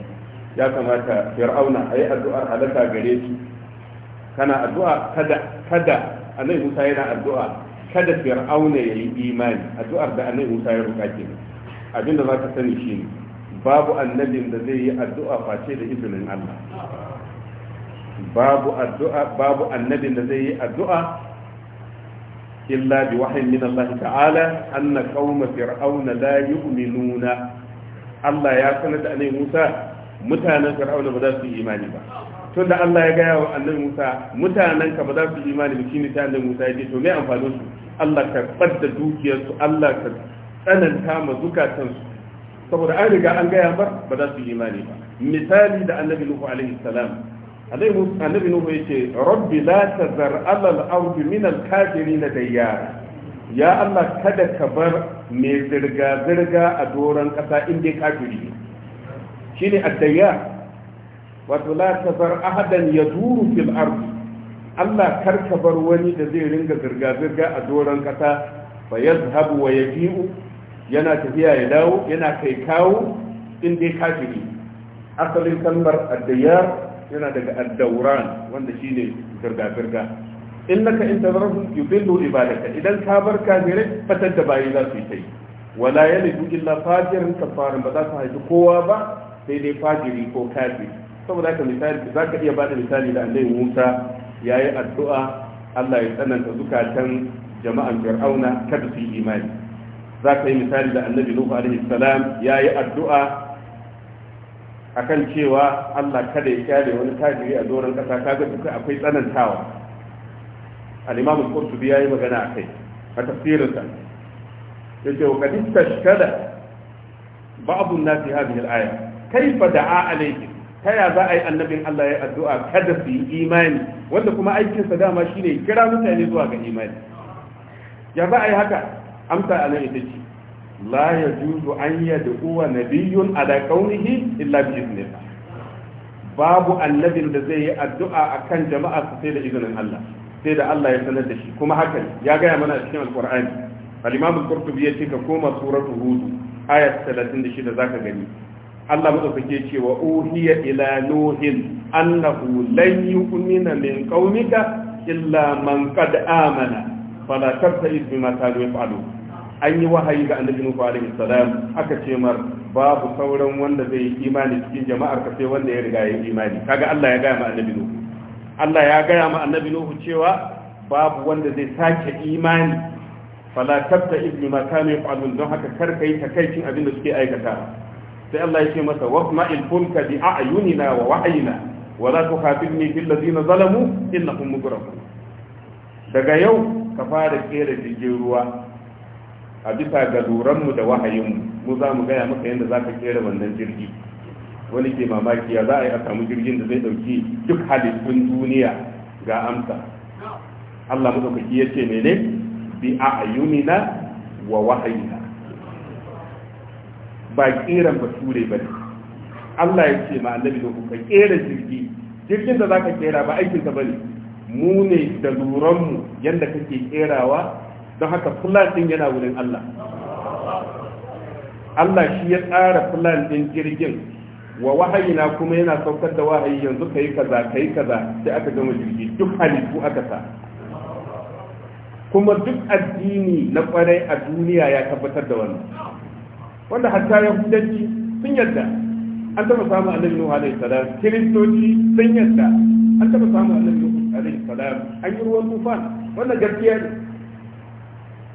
Speaker 1: ya kamata fir'auna ayi addu'ar halaka gare shi kana addu'a kada kada annabi Musa yana addu'a kada fir'auna yi imani addu'ar da annabi Musa ya roƙa ke abinda zaka sani shine babu annabin da zai yi addu'a face da izinin
Speaker 2: Allah
Speaker 1: babu addu'a babu annabin da zai yi addu'a illa bi wahayin min Allah ta'ala anna qauma fir'auna la yu'minuna Allah ya sanar da annabi Musa mutanen fir'auna ba za su yi imani ba tun da Allah ya gaya wa annabi Musa mutanen ka ba za su yi imani ba shine ta annabi Musa ya ce to me amfanin su Allah ka fadda dukiyarsu Allah ka tsananta ma zukatansu saboda an riga an gaya ba ba za su yi imani ba misali da annabi Nuhu alaihi salam annabi nuhu yace rabbi la tazar alal ardi min al kafirin dayyara ya Allah kada ka bar me zirga zirga a doron kasa inda kafiri shine addayya wato la tazar ahadan yaduru fil ardi Allah kar ka bar wani da zai ringa zirga zirga a doron kasa fa yazhabu wa yaji'u yana tafiya ya dawo yana kai kawo inda kafiri asalin kalmar addayya yana daga addauran wanda shine firga-firga innaka in tazarhu yudillu ibadaka idan ka bar kafirai fatar da bayi za su yi tai wala yalidu illa fajirin kafarin ba za su haifi kowa ba sai dai fajiri ko kafiri saboda haka misali za ka iya bada misali da annabi Musa yayi addu'a Allah ya tsananta zukatan jama'an Fir'auna kada su yi imani za ka yi misali da annabi Nuhu alaihi salam yayi addu'a akan cewa Allah kada ya kyale wani tajiri a doron kasa kaga duka akwai tsanantawa al-imam al-qurtubi yayi magana akai a tafsirin sa yace wa kadin tashkada ba'd an-nas hadhihi al-aya kayfa da'a alayhi taya za a yi annabin Allah ya addu'a kada su yi imani wanda kuma aikin sa dama shine kira mutane zuwa ga imani ya za a yi haka amsa alayhi ita la yajuzu an yad'uwa nabiyyun da qawlihi illa bi babu annabin da zai yi addu'a a kan jama'a sai da izinin Allah sai da Allah ya sanar da shi kuma haka ya gaya mana a cikin alkur'ani al-imam al-qurtubi ya ce ka koma talatin hud shida 36 zaka gani Allah madaukake ce wa uhiya ila nuhin annahu lan yu'mina min qaumika illa man qad amana fala tabta'id bima kanu an yi wahayi ga annabi nuhu alaihi salam aka ce mar babu sauran wanda zai yi imani cikin jama'ar ka sai wanda ya riga ya yi imani kaga Allah ya gaya ma annabi nuhu Allah ya gaya ma annabi cewa babu wanda zai sake imani fala tabta ibni ma kana yaf'alun don haka kar kai takaicin abin da suke aikata sai Allah ya ce masa il fulka bi a'yunina wa wa la tukhatibni fil ladina zalamu innahum mughraqun daga yau ka fara kera jirgin ruwa a bisa ga mu da wahayinmu mu za mu gaya maka yadda za ka kera wannan jirgi wani ke mamaki ya za a yi a samu jirgin da zai ɗauki duk halittun duniya ga amsa Allah maɗaukaki ya ce mene bi a na wa wahayina ba kiran ture ba ne Allah ya ce ma annabi da ka kera jirgi jirgin da za ka kera ba aikinka ba ne mu ne da luranmu yadda kake kerawa don haka plan din yana wurin Allah Allah shi ya tsara plan din jirgin wa wahayina kuma yana saukar da wahayi yanzu kai kaza kai kaza sai aka gama jirgi duk halittu aka sa kuma duk addini na kwarai a duniya ya tabbatar da wannan wanda hatta yahudanci sun yadda an taɓa samun annabi nuhu alaihi salam kiristoci sun yadda an taɓa samun annabi nuhu alaihi salam an yi ruwan tufa wannan gaskiya ne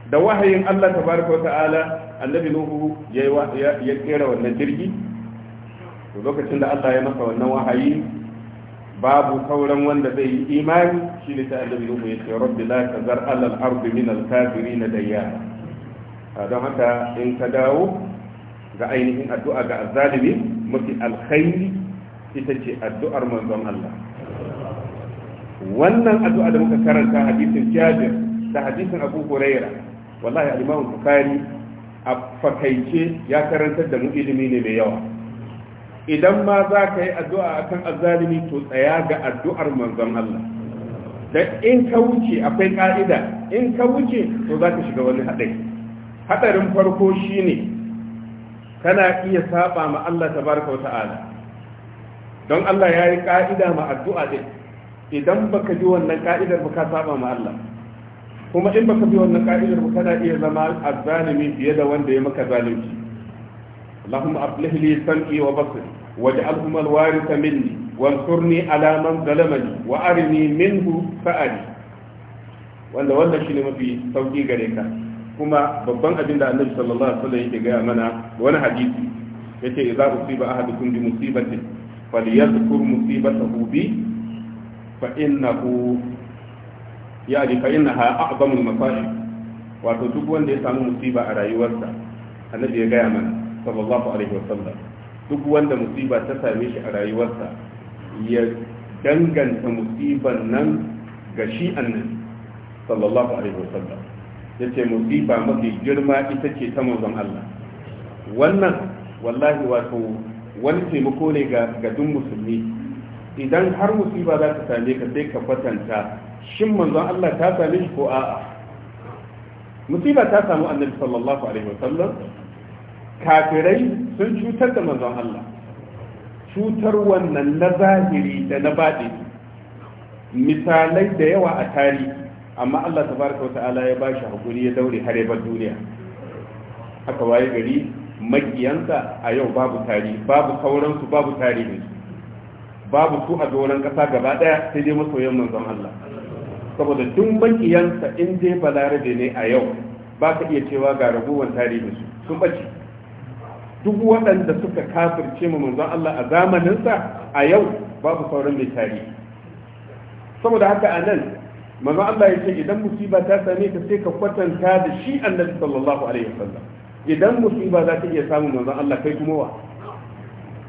Speaker 1: da wahayin Allah tabaraka wa ta'ala annabi nuhu ya kera wannan jirgi lokacin da Allah ya masa wannan wahayi babu sauran wanda zai yi imani shi ne ta annabi nuhu ya ce rabbi la tazar al ardi min al kafirin dayya don haka in ka dawo ga ainihin addu'a ga azzalimi mafi alkhairi ita ce addu'ar manzon Allah wannan addu'a da muka karanta hadisin Jabir da hadisin Abu Hurairah wallahi al-imam bukhari a fakaice ya karantar da mu ilimi ne mai yawa idan ma za ka yi addu'a akan azalimi, to tsaya ga addu'ar manzon Allah Da in ka wuce akwai ƙa'ida. in ka wuce to za ka shiga wani haɗari haɗarin farko shine kana iya saba ma Allah wata ala. don Allah ya yi ƙa'ida ma addu'a din idan baka ji wannan ƙa'idar ba ka saba ma Allah kuma in baka bi wannan ka'idar ba kana iya zama azzalimi fiye da wanda ya maka zalunci Allahumma aslih li sam'i wa basri waj'alhum al-waritha minni wansurni ala man zalamani wa arini minhu fa'ali wanda wannan shine mafi sauki gare ka kuma babban abin da Annabi sallallahu alaihi wasallam yake gaya mana wani hadisi yace idza usiba ahadukum bi musibatin falyadhkur musibatahu bi fa innahu ya ali fa innaha a'zamul mafashi wato duk wanda ya samu musiba a rayuwarsa annabi ya gaya mana sallallahu alaihi wa sallam duk wanda musiba ta same shi a rayuwarsa ya danganta musiban nan ga shi annabi sallallahu alaihi wa sallam ya ce musiba mafi girma ita ce ta manzon Allah wannan wallahi wato wani taimako ne ga ga musulmi idan har musiba za ta same ka sai ka kwatanta shin manzon Allah ta same shi ko a'a musiba ta samu annabi sallallahu alaihi wasallam kafirai sun cutar da manzon Allah cutar wannan na zahiri da na baɗi? misalai da yawa a tari amma Allah tabaraka wa ta'ala ya bashi hakuri ya daure har ba duniya aka waye gari makiyansa a yau babu tari? babu sauransu babu tarihinsu babu su a doron ƙasa gaba ɗaya sai dai masoyan manzon Allah saboda duk makiyansa in dai balarabe ne a yau ba ka iya cewa ga ragowar tarihin su sun bace duk waɗanda suka kafirce mu manzon Allah a zamaninsa a yau babu sauran mai tarihi saboda haka a nan manzon Allah ya ce idan musiba ta same ka sai ka kwatanta da shi annabi sallallahu alaihi wasallam idan musiba za ta iya samun manzon Allah kai kuma wa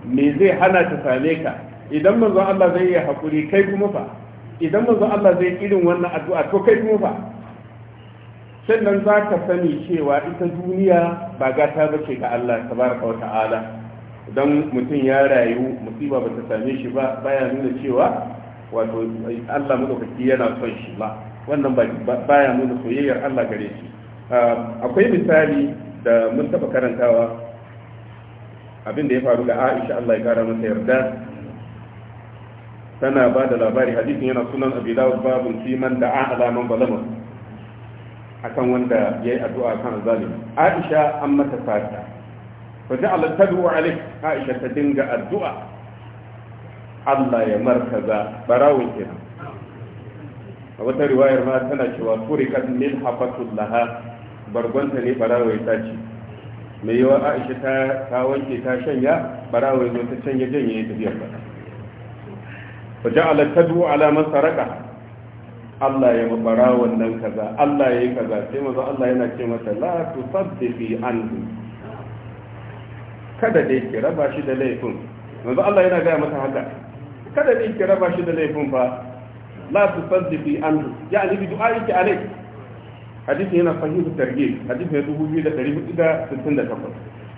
Speaker 1: me zai hana ta same ka idan manzon Allah zai yi hakuri kai kuma fa idan manzon Allah zai irin wannan addu'a to kai kuma fa sannan za ka sani cewa ita duniya ba gata ba ce ga Allah tabaraka wa ta'ala idan mutum ya rayu musiba ba ta same shi ba baya nuna cewa wato Allah madaukaki yana son shi ba wannan baya nuna soyayyar Allah gare shi ah, akwai misali da mun taba karantawa abin da ya faru ga Aisha Allah ya kara masa yarda tana ba da labari hadisin yana sunan abi dawud babun fi man da ala alaman balama akan wanda yayi addu'a kan zalimi aisha an mata fata fa ja'ala tad'u alayk aisha ta dinga addu'a Allah ya markaza barawun kenan a wata riwayar ma tana cewa kan min hafatul laha bargonta ne barawai ta ce mai yawa aisha ta wanke ta shanya barawai zo ta canya janye biyar ba fa ja'ala tadu ala man saraka Allah ya mabara wannan kaza Allah ya yi kaza sai manzo Allah yana ce mata la tusaddiqi anhu kada dai ki raba shi da laifin Maza Allah yana ga mata haka kada dai ki raba shi da laifin fa la tusaddiqi anhu ya'ni bi du'aiki alai hadisi yana sahihu targhib hadisi ya dubu 2468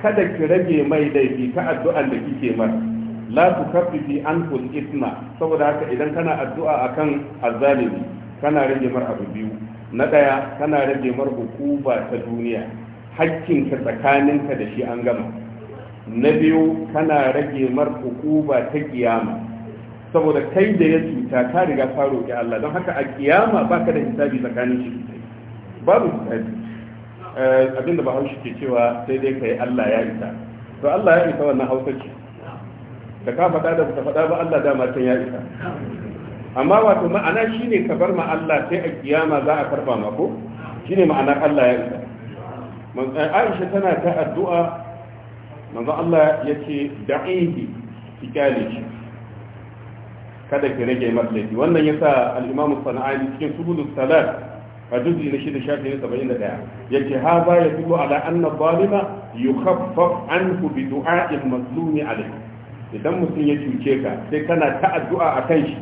Speaker 1: kada ki rage mai laifi ta addu'an da kike masa la an kun isma saboda haka idan kana addu'a akan azzalimi kana rage mar abu biyu na daya kana rage mar hukuma ta duniya tsakanin ka da shi an gama na biyu kana rage mar hukuma ta kiyama saboda kai da ya cuta ka riga ka roƙi Allah don haka a kiyama baka da hisabi tsakanin shi babu hisabi eh, abinda ba haushi ke cewa sai dai ka yi Allah ya isa to Allah ya isa wannan hausa ce da ka faɗa da ta faɗa ba Allah dama can ya isa amma wato ma'ana shine ka bar ma Allah sai a kiyama za a karba ma ko shine ma'anar Allah ya isa eh, Aisha tana ta addu'a manzo Allah yace da'ihi tikali shi kada ki rage masallaci wannan yasa al-Imam Sana'ani cikin subulus salat a juzi na shida shafi na saba'in da ɗaya ya ce ha ba ya fito ala anna zalima yukhaffaf anhu bi du'a'il mazlumi alayhi idan mutum ya cuce ka sai kana ta addu'a a kan shi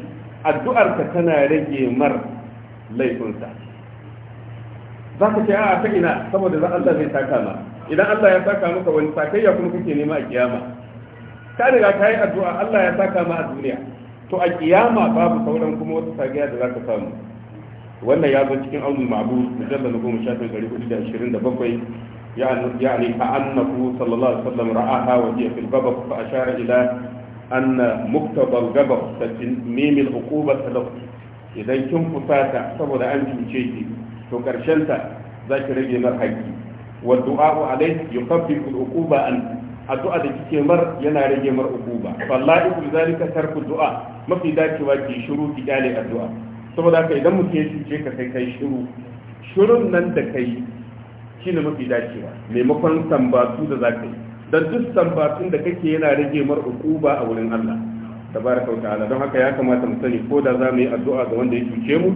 Speaker 1: addu'arka tana rage mar laifinsa za ka ce a ta ina saboda za Allah zai saka ma idan Allah ya saka maka wani sakayya kuma kake nema a kiyama ka riga ka yi addu'a Allah ya saka ma a duniya to a kiyama babu sauran kuma wata sagiya da za ka samu wannan ya zo cikin aunul ma'abu mujalla na goma sha gari hudu da ashirin da bakwai يعني كأنه صلى الله عليه وسلم رآها وهي في الغبر فأشار إلى أن مقتضى الغبر تتميم العقوبة له إذا كن فساتا saboda an cuce ki to karshen ta zaki rage mar haƙƙi wa du'a alai yukaffifu al-uquba an addu'a da kike mar yana rage mar uquba wallahi ku zalika tarku du'a mafi dacewa ki shiru ki kyale addu'a saboda haka idan mutum ya ka kai shiru shirun nan da kai shine mafi dacewa maimakon sambatu da zaka yi dan duk sambatun da kake yana rage mar ukuba a wurin Allah tabaraka ta'ala don haka ya kamata mu sani ko da za mu yi addu'a ga wanda ya cuce mu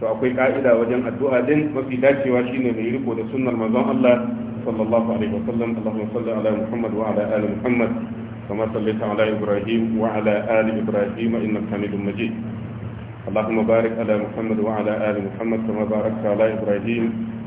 Speaker 1: to akwai ka'ida wajen addu'a din mafi dacewa shine mai riko da sunnar manzon Allah sallallahu alaihi wasallam Allahumma salli ala Muhammad wa ala ali Muhammad kama sallaita ala Ibrahim wa ala ali Ibrahim innaka Hamidum Majid اللهم بارك على محمد وعلى آل محمد كما باركت على ibrahim.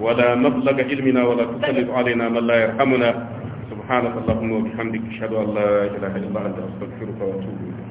Speaker 1: ولا مبلغ علمنا ولا تسلط علينا من لا يرحمنا سبحانك اللهم وبحمدك اشهد ان لا اله الا انت استغفرك واتوب اليك